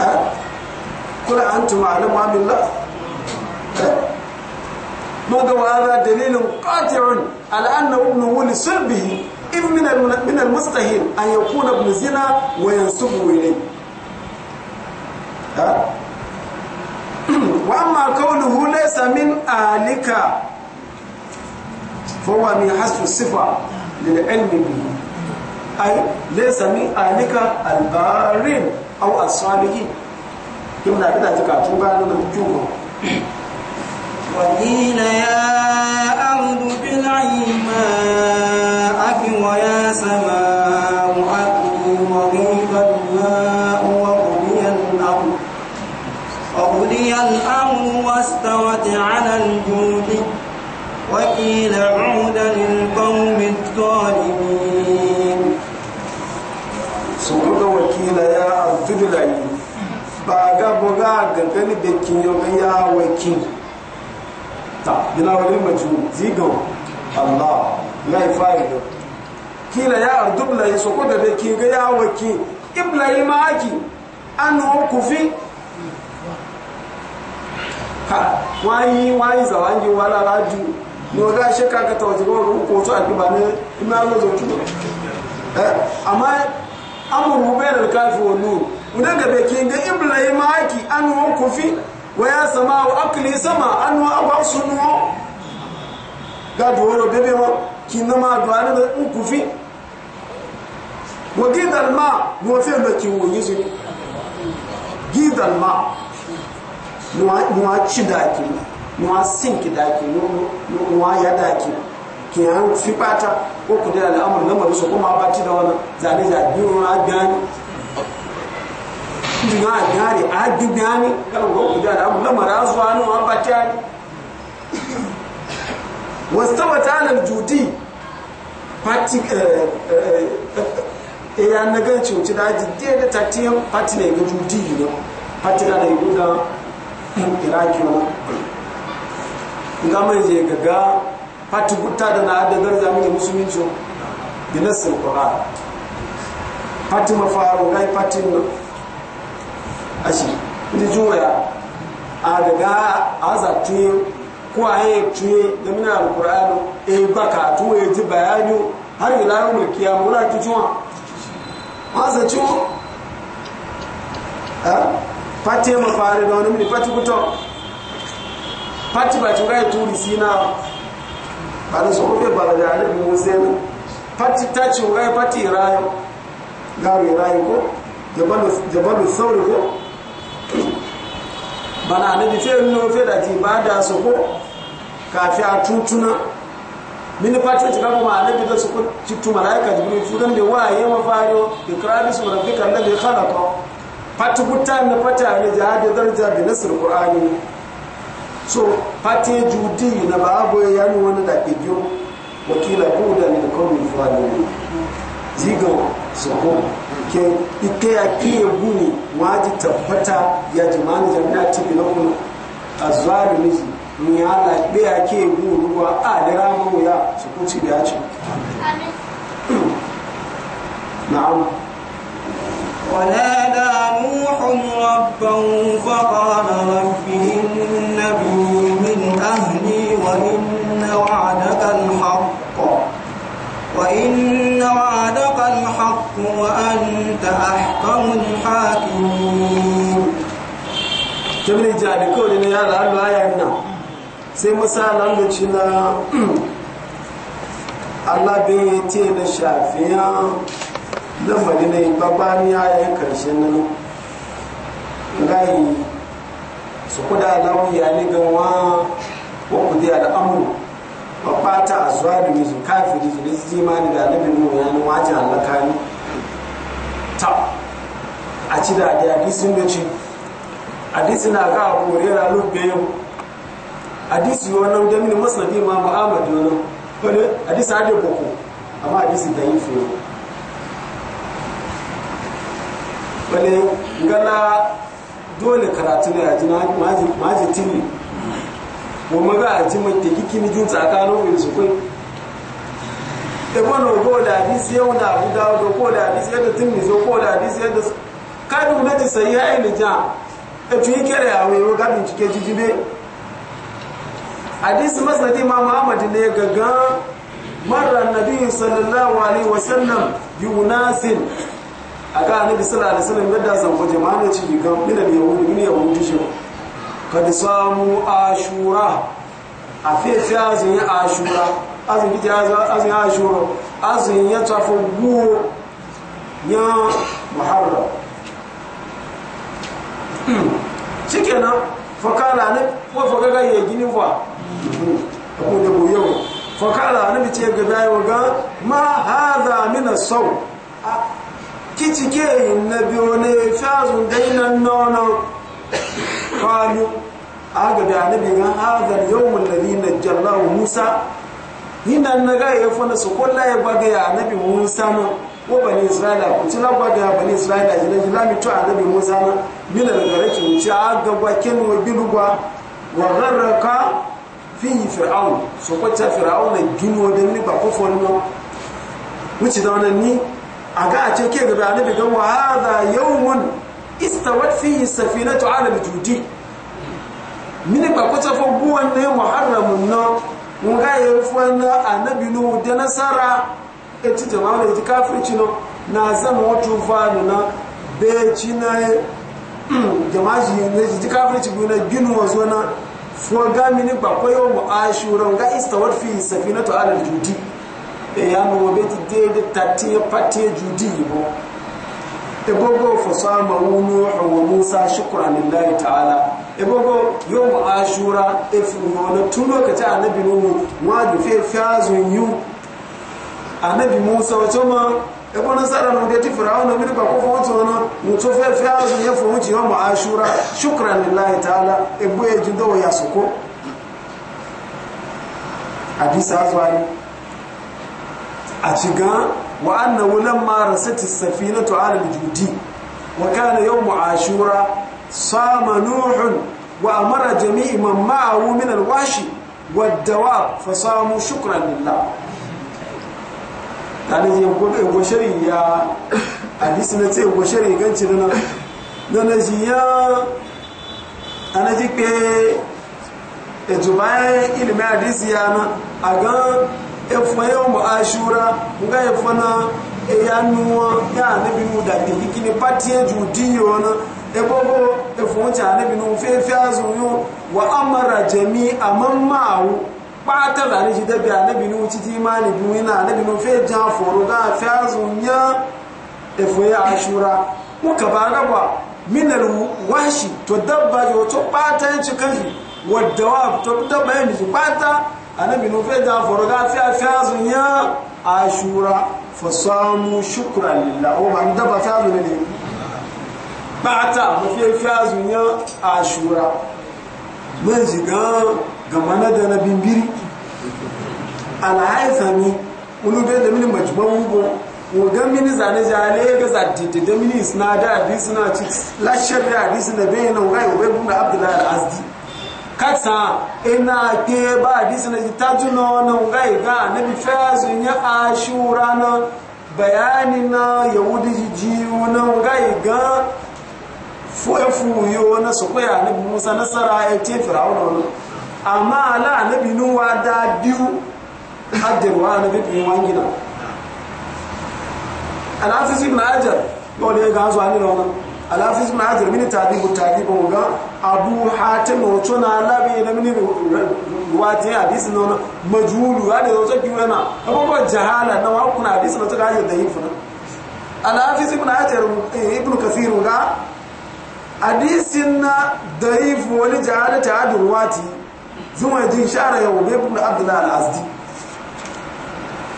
Eh? kuna an tuma alama min la eh? mun ga wa dalilin qati'un al anna ibnu hu li sirbi in min al min mustahil an yakuna ibn zina wa yansubu ilay eh? wa amma qawluhu laysa min alika fa huwa min hasu sifa lil ilmi ay laysa min alika al aw as-salihin kimna da zaka tuba da mutum وقيل يا أرض بلعي ماءك ويا سماء أقلي وغيب الماء وقضي الأمر وقضي الأمر واستوت على الجود وقيل ba ga boga ga gani da ya wa kin ta bila wani maju zigo Allah la ifaido kila ya ardubla ya soko da da kin ga ya wa kin ibla yi maki kufi ha wani wani zawangi wala raju ni o da se ka ka tawo jigo ru ko so ati bane ina lo zo tu eh amma amru bayna al-kafi wan udan ga beke ga ibrahim aki anu kufi waya sama wa akli sama anu aba sunu ga doro bebe ma kinna ma ga na da kufi wa gidal ma wa fi da ki wo yisi ma mu wa ci da ki mu wa sin ki da mu wa ya da ki ki an fi pata ko ku da al'amur na ma su kuma ba ti da wannan zane zane biyo na gani ji ma gari a da digani kan go ku da abu la marazu anu an batani wastawa wata al-judi parti eh, eh, eh, ya na ga cuci da ji da tatiyan parti ne ga judi ne parti da yi guda iraki ne ga mai je ga ga parti gutta da na da garza mini musulunci da nasin qur'an parti mafaro gai parti ne ashi ndi juya a daga azati ko a aye tuye da mina alqur'anu e baka tu e ji bayani har ila yawmul qiyamah la tujuwa maza ju ha pati ma fare da wani pati kuto pati ba tunga turi sina ba da so ko ba da bi mu zena pati ta tunga pati rayo garu rayo ko jabalu jabalu sauri ko bana ne bi fe nuna fe da ti ba da su ko kafi fi a tutuna min fati ci gaba ma ne bi da su ko cikin tu malaika jibril fu dan de wa da ma faro ikra bi da rabbika alladhi ko fati buta na fata ne jihad daraja da nasir qur'ani so fati judi na ba abu ya ni wani da kijo wakila buda min qawmi fadili zigo su ko ke ike ya kiye guni waji tabbata ya jimani jannati bi zuwa da miji ni ala be ya kiye guni ruwa a da ramu ya su kuci da ya ci na'am ونادى نوح ربه فقال رب إني من أهلي وإن وعدك الحق وإن وعدك الحق وأنت أحكم الحاكمين تبني جالي كولي نيا لألو na. نا سيمسا لألو تشنا الله بيتي نشافيا lamari ne babban yayin karshen nan gai su kuda lauya ne ganwa wa kudiya da amuru ba fata a zuwa da mizu kafiri su da su ne ta a ci da da hadisin da ce hadisi na ga abu rera lubbe yau hadisi wannan da mini masnadi imam ahmad wannan wani hadisi hade boko amma hadisi da yi fiye wani gana dole karatu na yaji maji tini ko maga a ji mai tekiki kini jin tsakanin wani su kai da wani ko da hadisi yau da abu dawo ko da yadda timizo ko da hadisi yadda kadu na ji sayi ya yi ja da kere a wai yau gadin cike jijibe hadisi masnadi ma ne gaga marar nabi sallallahu alaihi wasallam yunasin a ga sallallahu alaihi wasallam yadda zan ko jama'a ne ci gigan mina da yahudu mina yahudu shi kad samu ashura a fi yi ashura azumi ti azumi ashuro azumi ya tafi guwo ya muharram hmm. shikenan fakala ne ko fagaga ya gini fa ko da bu yau fakala ne ce ga dayo ga ma hadha min as-saw kitike nabi ne fazun dainan nono qalu aga da nabi ga hadha al-yawm alladhi najjallahu musa hina naga ya fana su kolla ya baga ya annabi Musa ma ko bani Isra'ila ku ci la baga ya bani Isra'ila jira jira mi to annabi Musa ma min da gare ki mu ci aga gwa ken wa bilugwa wa gharraka fi fir'aun su ko ta fir'aun ne gino da ni ba ko mu ci da wannan ni aga a ce ke gaba annabi gan wa hadha yawmun istawat fihi safinatu ala bijudi min ba ko ta fo buwan ne muharramun no nga yeri fuwanda annabi nuhu da nasara e ci jama'a da eti kafirci no na zama wato fanu na ci na e. jama'a ji ne ji kafirci bu na ginu zo na fuwa gami ni bakwai yau mu ashura ista istawar safi na ala judi e ya mu beti daidai tatti ya judi bo ebogo fasama wunu wa musa shukran lillahi ta'ala ebogo yawm ashura ifrona tun lokacin annabi nuhu wa dufe fazun yu anabi musa wato ma ebo na sara no deti faraona mi ba ko fo wato no muto fe fazun ya fo wuci ashura shukran lillahi ta'ala ebo e jindo ya soko hadisa azwani a cigan وأنه لما رست السفينة على الجودي وكان يوم عاشورا صام نوح وأمر جميع من معه من الوحش والدواب فصاموا شكرا لله tare da yankun ɗaya shari ya a bisa na ce yankun shari ganci na na na shi e ya ana jikpe ejubayen ilimin adisi ya na a gan efuwa yau mu ashura nga efuwa na eya nuwa ya anabi nu da ke kiki ne patiye judi yona ebobo efuwa wuce anabi nu fefe azu yo wa amara jami aman ma'awu pata da ne jide bi anabi nu titi imani bi na anabi nu fe jan foro ga fe azu nya efuwa ya ashura muka ba gaba minar washi to dabba yo to pata yi cikin wadda wa to dabba yin cikin pata annabi no fe da foroga ti a fi azunya ashura fa samu shukran lillah o ban da daba ta zuwa ne ba ta mu fi fi azunya ashura mun ji gan gama na da na bimbiri alhaifami olu bɛ da mini majban go gan mini zane zane ga zaddi da mini isnada hadisi na ci la sharri hadisi na bayyana wa ga ibn abdullah al-azdi kasa ina ke ba hadisi na jitaju na wani ga iga na bi fezu a ashura na bayani na yahudi ji na ga iga fuyo na su kwaya na bi musa nasara ya ce firawuna wani amma ala na bi nuwa da biyu hajjarwa na bi biyu wangina al'afis ibn ajar yau da ya gazo na wani alafis ma hajar mini tabi bu ga abu hatim wato na labi na mini wajen hadisi na majulu ya da ki kiwo na ba jahala na wa kuna hadis na tuka hajjar da yi funa alafis ibn hajar eh, ibn kasir ga hadisin na daifu wani jahala ta hajjar wati zuma jin shara ya bai ibn abdullah al-azdi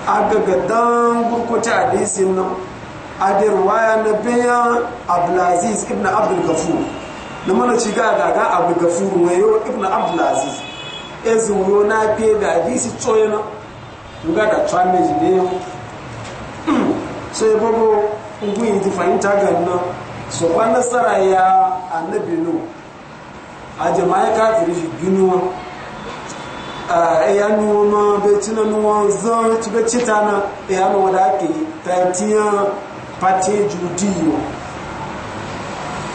a gadan gurkuta hadisin nan adi ruwaya na bayan abdulaziz ibn abdul gafur na mana ci ga daga abdul gafur mai yau ibn abdulaziz ezin yau na fiye da hadisi tsoye na ga da tsamme ne yau so ya bago ugun yi fahimta ga na so kwan nasara ya annabi nu a jama'a kafiri shi ginuwa e ya nuwa ma bai ci na nuwa zan ci bai ci ta na e ya nuwa da ake ta tiyan pate judiyo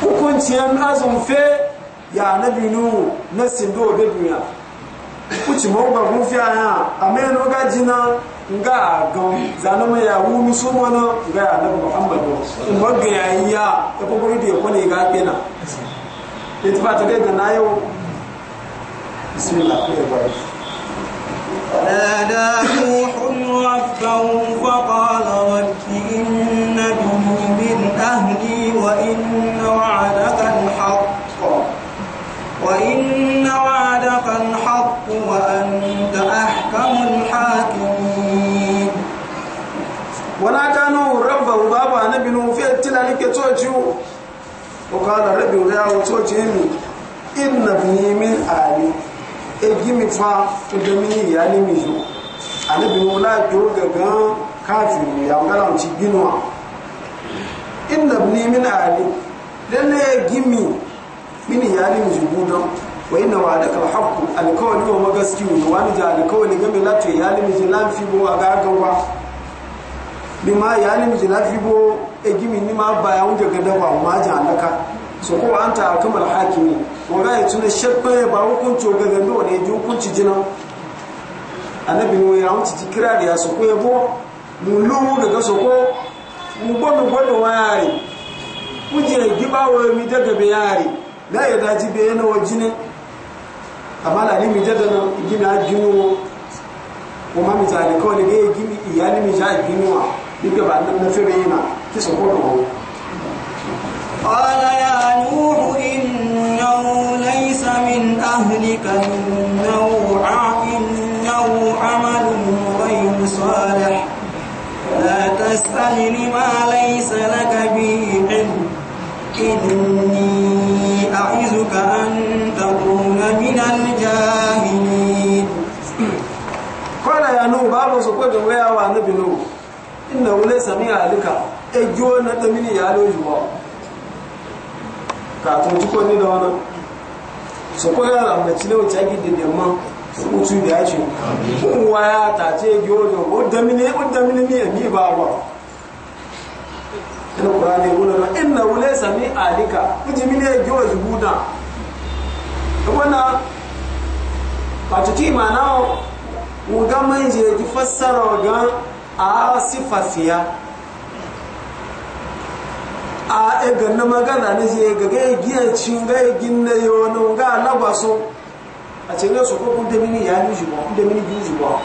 hukuncin azun um fe ya na binu na sindo be duniya kuci mo ba gun yana ya amenu ga jina ga gan zanama ya wunu so mana ga ya na muhammad ba ga ya ya ta ko ide ko ga kena ita ba ta ga da nayo bismillah ko ba نادى wuce mi inna fi min ali e gimi fa to da mini ya ni mi jo anabi mu la to gaga kafin ya ngala mu ci ginwa inna bi min ali lalle gimi min ya ni mi jo budan wa inna wa al-haqqu al-qawli wa magaskiyu wa ni ja al-qawli gami la to ya ni mi jo lan fi bo aga gawa ma ya ni mi jo lan fi bo e gimi ni ma ba ya unje da ba ma ja alaka so ko an ta kamar hakimi ko ga ya tuna shabba ya ba hukunci ga gando wanda ya ji hukunci jina annabi biyu ya wuce kira da ya so ko ya bo mu da daga so ko mu gbọdọ gbọdọ wa yare. mu giba wa mi daga be yari na ya daji be na wajine amma la ni mi jada na gina jinu ko ma mi tare kawai ne ga gini iyali mi ja ginuwa da ba nan na fere yana ki so ko ko قال يا نوح إنه ليس من أهلك إنه إنه عمل غير صالح لا تسألني ما ليس لك به علم إني أعزك أن تكون من الجاهلين قال يا نوح بابا سكوت ويا ونبي نوح إنه ليس من أهلك أجونا تمني يا لوجوا kàtún tukọ̀ ní dọ́nà sọ̀kọ́ yára ọ̀nà tí lẹ́wọ̀ tí a da dẹ̀ su mutu da ya ce kuma ya ta ce gyojo ko damini ko damini ne mi ba ba ina kura ne wala ba ina wule sami alika kuji mine su buda wana ba ta tima na mu ga manje ki fassara ga a sifasiya a ega na magana ne je ga ga e giya cin ga e gin na yo no ga na baso a ce ne su ko kun da mini ya ni shi ba kun da mini ji ba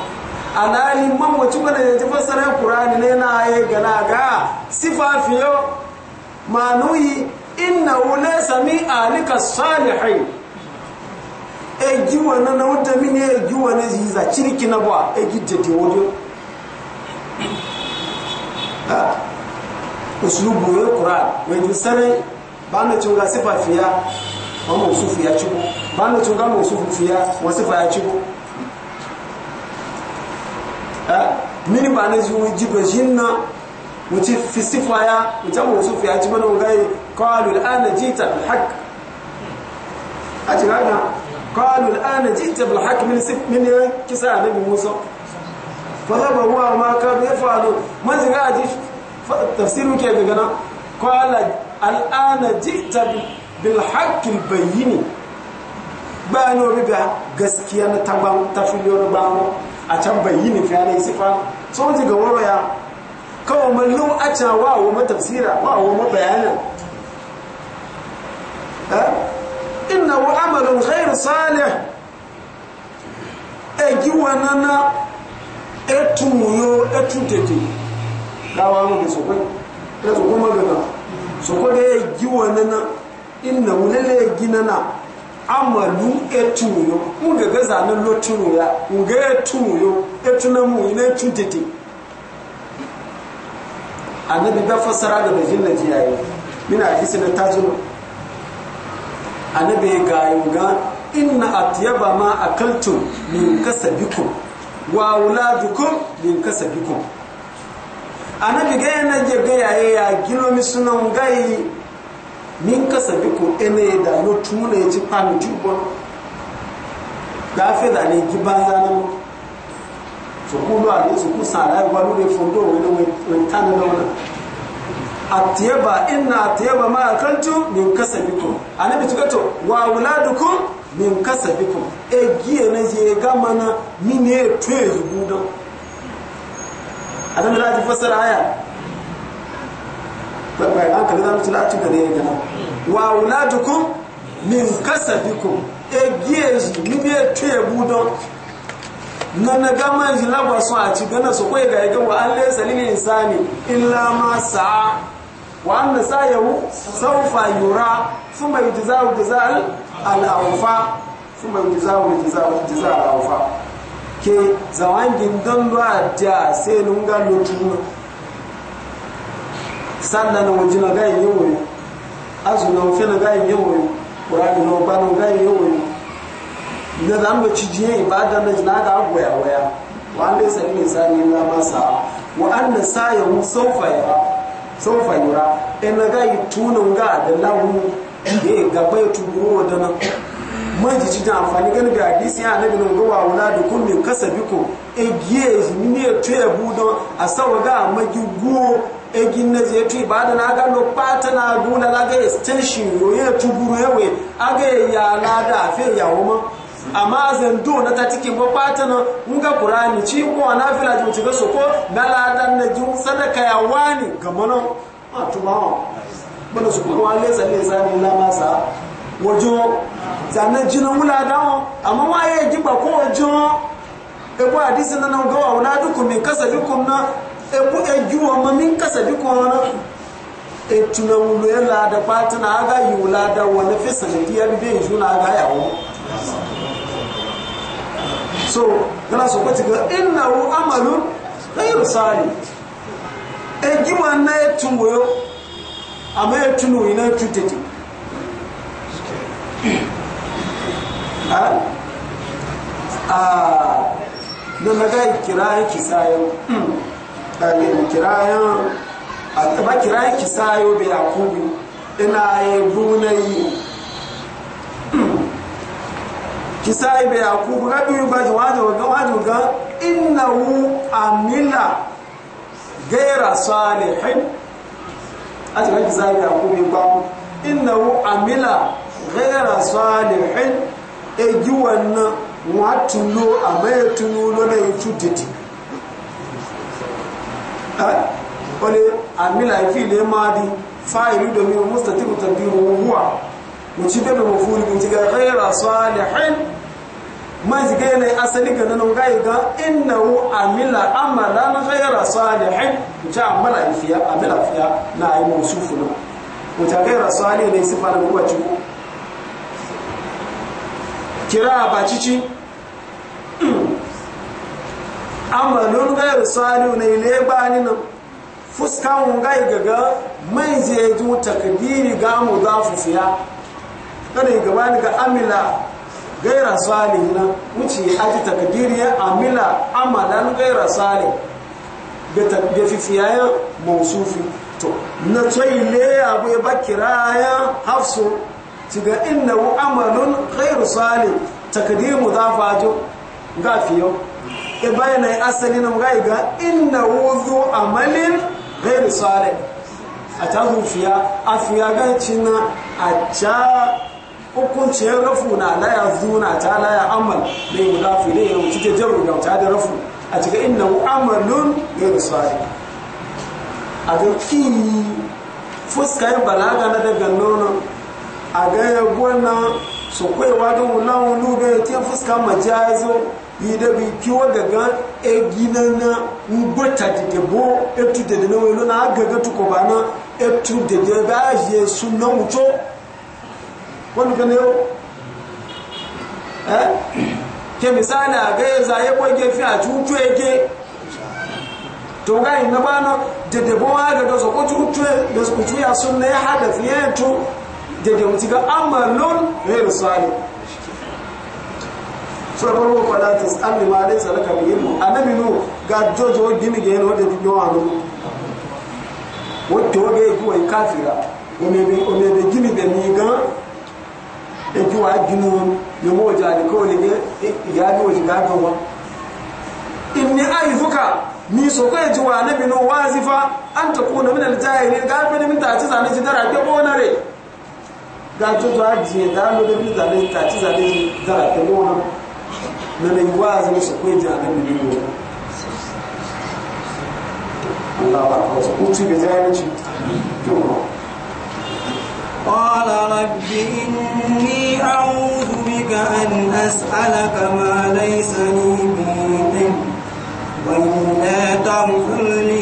alali man wacce mana ya ji fassara qur'ani ne na ya e ga na ga sifafiyo manuyi innahu laysa min alika salihin egi wannan na wata mini egi wannan ji za cirki na ba egi jete wodi usulubu ya Qur'an wai ju sare ba na tunga sifa fiya wa mawsufu ya cibo ba na tunga mawsufu fiya wa sifa ya cibo mini ba na ji jibe jinna wuce fi sifa ya wuce mawsufu ya cibo na ngai qalu al'ana jita bil haqq ajrana qalu al'ana jita bil haqq min min kisa nabi Musa fa zaba huwa ma kanu yafalu man zira ji tafsir muke daga nan kwala al'ana jita bil haqqil bayyin bayano riga gaskiya na taban tafiliyo na bawo a can bayyini fi ana sifa so ji ga waya kawo mallum a can wa wa matafsira wa wa mabayana eh? innahu amalun ghayr salih egiwanana etumuyo etutete kawo mu da sokoi da sokoi magana sokoi da ya gi wani na inna wani da ya gina na amalu etuno mu ga gaza na lotuno ya mu ga etuno etuna mu ina tutete annabi da fasara da bajin naji yayi mina hadisi na tajiro annabi ga yuga inna atyaba ma akaltum min kasabikum wa wula auladukum min kasabikum anabi gaya na je gaya ya ya gino mi sunan gai min kasa biko ene da no tuna ya ci pami tubo da fe da ne gibanza na mu so ku ba ne su ku sara ba lu ne fondo wani wani tan da wani atiyaba inna atiyaba ma akaltu min kasa biko bi tukato wa wuladukum min kasa biko e giye na je ga mana ne tuye zubudan abin da za fassara aya bai an kalli za mu ci lati gare ya gana wa wuladukum min kasabikum egiye ni be tebu don na na gama ji lagwa sun a ci gana su kwaye ga ya gawa an lesa lilin insani illa ma sa'a wa an na sa'ayahu saufa yura sun mai jizawu jiza'al al'aufa sun mai jizawu jiza'al al'aufa ke zawangin don ba da sai nunga lotu sannan waje na gayin wuri azu na wufe na gayin yi, ƙurari na ba na gayin wuri da zan da cijiyar ibadan da jina ga agwaya waya wanda ya sami mai sani na masa wa'anda sa ya mu saufa ya saufa yura in na gayi tunun ga da lahu ya gaba ya tuguro da nan man ji cikin amfani gani ga hadisi ya nabi nun gowa wula da kasa biko egiye ne ya budo a sawa ga magigu guo egin na je tu ibada na ga no pata na guna la ga extension yo ye tuburu ewe aga ya la da fe ya woma amma zan do na ta cikin ba pata na nga qur'ani ci ko na fila ji mutiga soko na la dan na ju sadaka ya wani ga a ma su ko masa wajo zane jina wula dawo amma wa ya ji ba ko wajo e bo hadisi na nan gawa wala dukum min kasabikum na e bo e juwa ma min kasabikum na e tuna wulu ya la da patina aga yula da wala fi sanadiyar be juna aga yawo so kana so kwati ga innahu amalun ghayr salih e jima na e tungoyo amma e tunu ina tutete ha a hmm. da maga kirayen kisayo ɗalibin kirayen a taba ina yi bunayi hmm. kisayo da yakubu ga biyu ba ji wajen wajen wajen ga innahu amila gaira salihin a taba kisayo da yakubu ba innahu amila gaira salihin egi wannan watulo a mai tunulo na yi cutiti wani amila ifi ne ma di fa'ili domin mustati ku tabbi mu ci bebe mu furi mu ci ga ghaira salihin ma ji ga asali ga nanon ga ga innahu amila amalan ghaira salihin mu ci amala ifiya amila fiya na yi musufu na mu ci ghaira salihin ne sifa da ruwa kira ba cici amma nun gayar saliu na ile bani nan fuskan wungai gaga mai zai ji takdiri ga mu za su fiya kada gaba ni ga amila gaira salihu na wuce aji takdiri ya amila amalan gaira salihu ga ya mausufi to na tsoyi le abu ya bakira ya hafsu tiga wu amalun ghairu salih takdimu dafajo gafiyo e bayana e asali na mga ga innahu dhu amalin ghairu salih atahu fiya afiya ga a acha hukunci ya rafu na la ya zuna ta la ya amal bai mudafi ne yau wuce jaru ga ta da rafu a cika wu amalun ghairu salih a ga ki fuskar e balaga na daga nono a ga yabuwan nan su kwaiwa don wulawun ya ce fuska majazo yi da bi kiwa daga e gina na ngbata da debo etu da dana wani na agaga tuko ba na etu da da ba je su na mutu wani gane yau eh ke misali a gaya zaye kwage fi a cucu ege to ga yi na bano da debo agaga su kucu ya sun na ya hada fiye to daga mutu ga amalun ghairu salih sura farko fala tasalli ma laysa laka bi ilmu annabi nu ga jojo gini ga yana wadda dinyo a rubu wadda wabe guwa kafira omebe gini da ni ga e wa gini wani yomo wajen alikawali ne ya bi wajen gado ba in ni a yi so kai ji wa annabi nu wazifa an ta takuna min ne ga ni min ta ci zane ji dara ke bonare da tutu ajiye da lo da biza ne ta ci zade ji zara ta na ne wa zai su ko ji anan ne ne Allah ba ko su ci ga jayi ci to قال رب إني أعوذ بك أن أسألك ما ليس لي به وإلا تغفر لي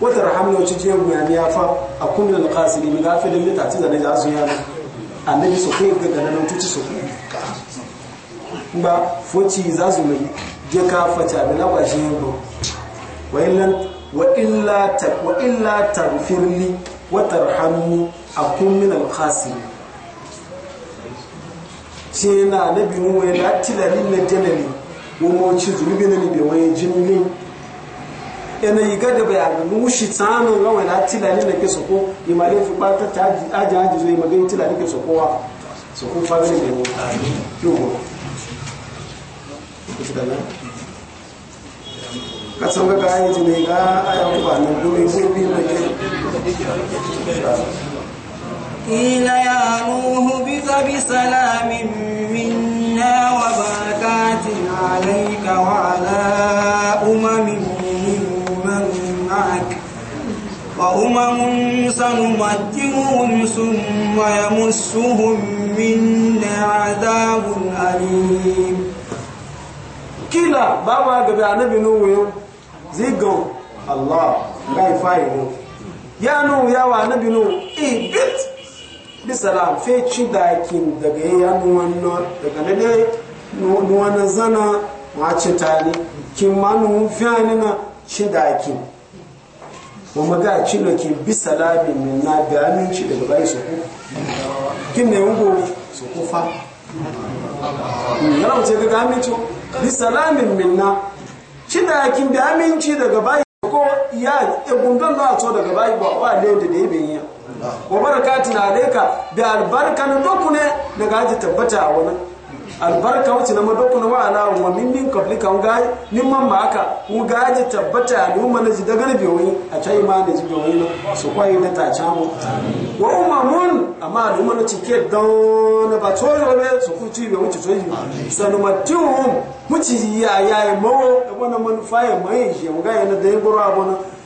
wata rahamiyoci ce je guya ni afa a kullun qasidi mi gafe da mita tiza ne za su yana annabi su kai ga ganan tuci so ba foci za su mai je ka faca da na kwashi yabo wa illan wa illa ta wa illa taghfirli wa tarhamni akun min al-khasirin sai na nabi mu ya latila na jalali wa mu ci zulubi ne be waye jinni ena yiga da bayani mu shi tsano ga wala tilali na ke soko imale fu ba ta taji aji aji zo imale tilali ke soko wa soko ne mu yugo ka san ga ji ne ga ba bi ne ke يا بسلام منا وبركات عليك وعلى أمم وأمم سنمتعهم ثم يمسهم منا عذاب أليم kila ba ma gabe annabi nuhu yau zigo Allah gai fayi nu ya nuhu ya wa annabi nuhu e bit bi salam fe ci da kin ne dai nu wannan zana ma kin ma nu ci dakin. wa maga cilo ki bi salami min na bi aminci daga bayi su ku kin ne yungo su ku fa yana hmm, wuce daga aminci bi salamin min na cina kin bi aminci daga bayi ko ya e gungan na to daga bayi ba wa ne da ne bin ya wa barakatun alayka bi albarkan ne daga ji tabbata wannan albarka wuce na madoku na wa'ala wa min min kaflika un gaji ni man ma aka un gaji tabbata duma na ji daga nabi wani a yi ma da ji wani na su kwaye na ta can mu wa umamun amma duma na cike don na ba yi ne su ku ci bai wuce tsoro sanumatihum muci a yayi mawo da wani manufa ya mai shi ya ga yana da yin gura abona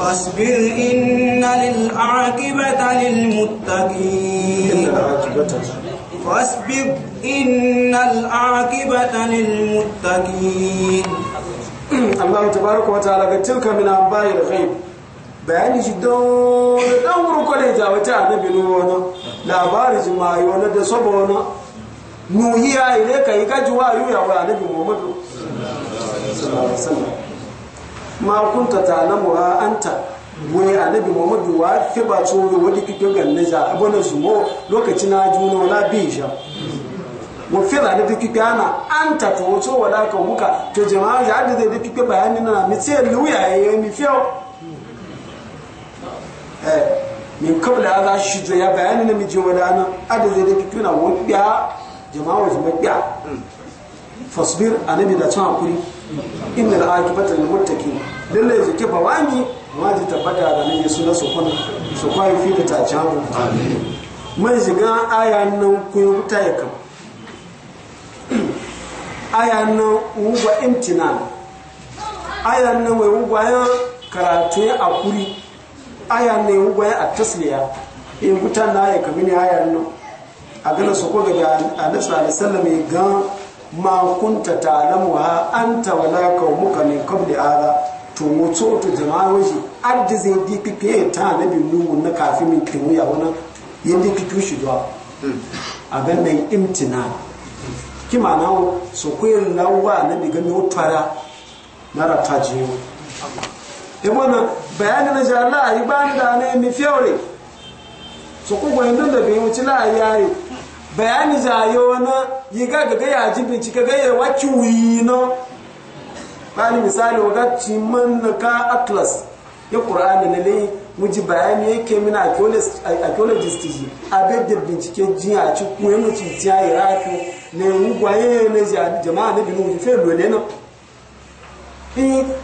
فاصبر إن للعاقبة للمتقين فاصبر إن العاقبة للمتقين الله تبارك وتعالى تلك من أنباء الغيب bayani shi don dan wurin kwaleja wata annabi nuwa wani labari shi ma yi wani da saba wani nuhiya ile ka yi kaji wa yi ma kunta ta ta'lamuha anta wani annabi muhammadu wa fi ba tsoro wadda kike ganna ja abona su mo lokaci na juna wala bi sha mu fi da duk kike ana anta to wato wala ka muka to jama'a ja da duk kike bayani na mi ce luya yayi mi fi eh min kabla za shi jo ya bayani na mi je wala na adade da kike na wani biya jama'a wa jama'a fasbir annabi da tsan hakuri inna al'aqibata lil muttaqin lalle yanzu ke bawani ma ji tabbata da nan yesu na sokon su kwayi fi da tace hamu shiga aya nan ku yuta ya kam aya nan uwa intina aya nan wai uwa ya karatu ya akuri aya nan uwa ya tasiriya in gutan na ya kamini aya nan a gana su ko ga annabi ya ga ma kunta ta'lamuha anta wala qaumuka min qabli ala to mutu to jama'a waje adda zai di pipe ta nabi nuhu na kafin min kinu ya wannan yanda pipe shi zuwa a gannan imtina ki mana so ko yin lawa na diga mi na rata jiyo e wannan bayanin na yi ayi bani da ne mi fiore so ko gwanin da bai wuce la ayi bayani za na yi gagaga ya ji bincike ga yawa kiwi no bani misali waga cimin na ka atlas ya ƙura'ani na lai muji bayani ya ke mina archaeologist ji abin da bincike ji a ci kuwa yin ci a yi rafi na yi gwaye na jama'a na binu fe lole na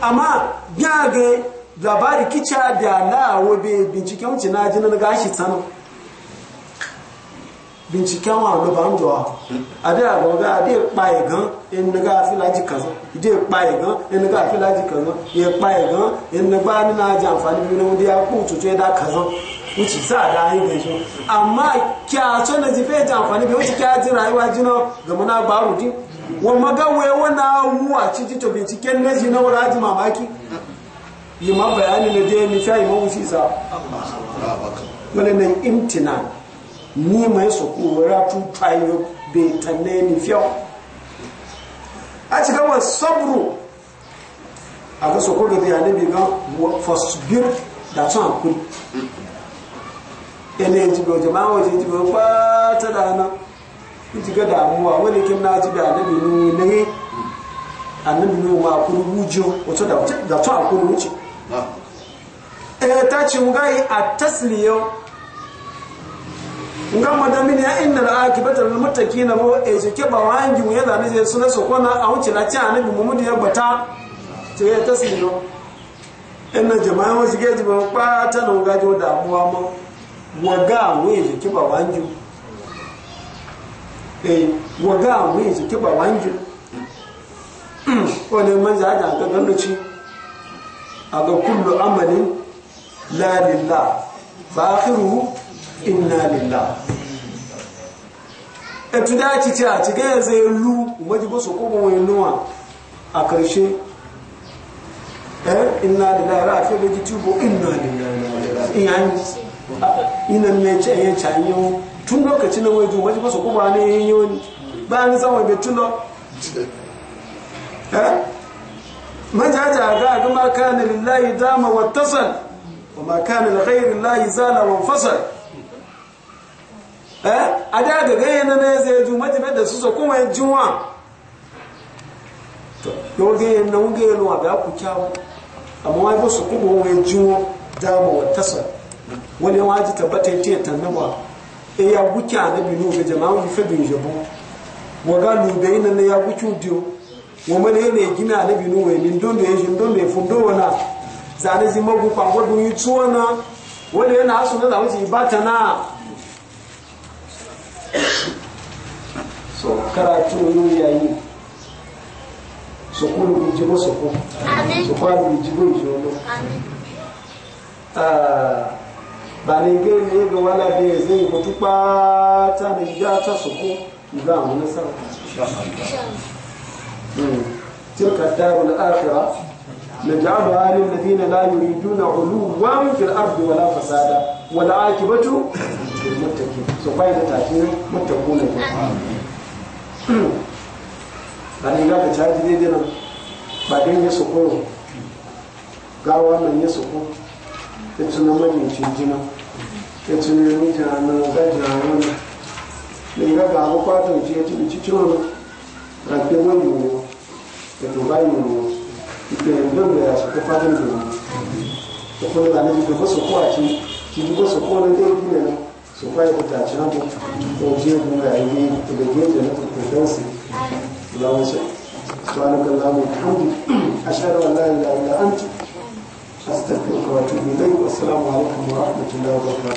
amma ya ga labari kica da na awobe binciken wuce na ji na gashi tsano binciken wa ba ń jọ àkọ́ adé àgbà ọ̀gá adé pa ẹ̀gán ẹnìgá afílájì kàzán ìdé pa ẹ̀gán ẹnìgá afílájì kàzán yẹ pa ẹ̀gán ẹnìgbá ku ajá àǹfààní bí wọn dé apò tuntun ẹ̀dá kàzán wọn ti sá àdá ayé gẹ̀ẹ́sọ àmà kí aṣọ náà ti fẹ́ jẹ àǹfààní bí wọn ti kí ga ayé wájú náà gàmọ́ náà gbà rù dín wọn mọ na ẹwọ náà wú àti títọ binciken lẹ́sìn náà wọ́n á di mamaki yìí má bàyá nílẹ̀ dé ẹni fẹ́ imtinan ni mai soko wura tu tayo be tanne ni fiyo a cika wa sabru a ga soko da ya bi ga fosbir da tun hakuri ene ji go jama'a waje ji go ba ta da na ji ga damuwa wani kin na ji da nabi nu ne annabi nu ma kuru bujo wato da da tun hakuri wuce eh ta ci ngai a tasliyo ngam madami ya inna al-akibata lil muttaqina bo e je ke ba wangi mu yada ne su na sokona a wuce na ci anabi mudu ya bata to ya tasbino inna jama'a wa shige ji ba ba ta no ga jo da muwa mu waga mu e je ke ba wangi e waga mu e je ke ba wangi ko ne man za ta ga gando ci aga kullu amalin la lillah fa akhiruhu inna lillah e da ci ci a ci gaya zai lu maji ba su kuma wani nuwa a ƙarshe ɗan inna lillahi ra fi da jitubo inna lillahi ina ina ne ce ya canyo tun lokacin nan wai maji su kuma ne yayo ni ba ni sama bai tuno majaja ga ga ma kana lillahi dama wattasal wa ma kana li ghairi llahi zala wa fasal eh ada ga ga yana na zai ju maji da su so kuma juwa to yo ga yana mun ga yana wa ku kyawu amma wai ba su kuma wai juwa da mu tasa wani waji tabbata ta tannaba e ya guki annabi nu ga jama'a mu fa bin jabo wa ga lu da yana ya guki dio wa mana yana gina annabi nu wai min don da yashin don da fundo wana zane ji magu kwango dun yi tuwana wani yana asu na da wuce ta na so karatu yin yayi so kulu bi jibo so ko so kwalu bi jibo jolo ah ne ge ne ga wala de zai ko tupa ta ne ja ta so ko ga mu na sa تلك الدار الآخرة نجعلها للذين لا يريدون علوا في الأرض ولا فسادا والعاقبة للمتقين so kwa da tafi mutakuna ba ne ga ka caji daidai nan ba dan ya soko gawa nan ya soko ta tuna mani cinjina ta tuna mutane gajiyarwa ne ga ga abu kwatan ce ya tuni cikin rafi wani ne da tubayi ne ìpè ìdóòlù ẹ̀ àsìkò fáwọn ènìyàn ọ̀pọ̀lọpọ̀ àlejò kò sọ̀kọ́ àti kìdúgbò sọ̀kọ́ ne ìpínlẹ̀ náà Só vai voltar, tinha ko pouquinho com ya yi o bebê, na com na pedaço, lá o chão. Só no canal do Hamdi, acharam lá e lá e lá antes. Astagfirullah wa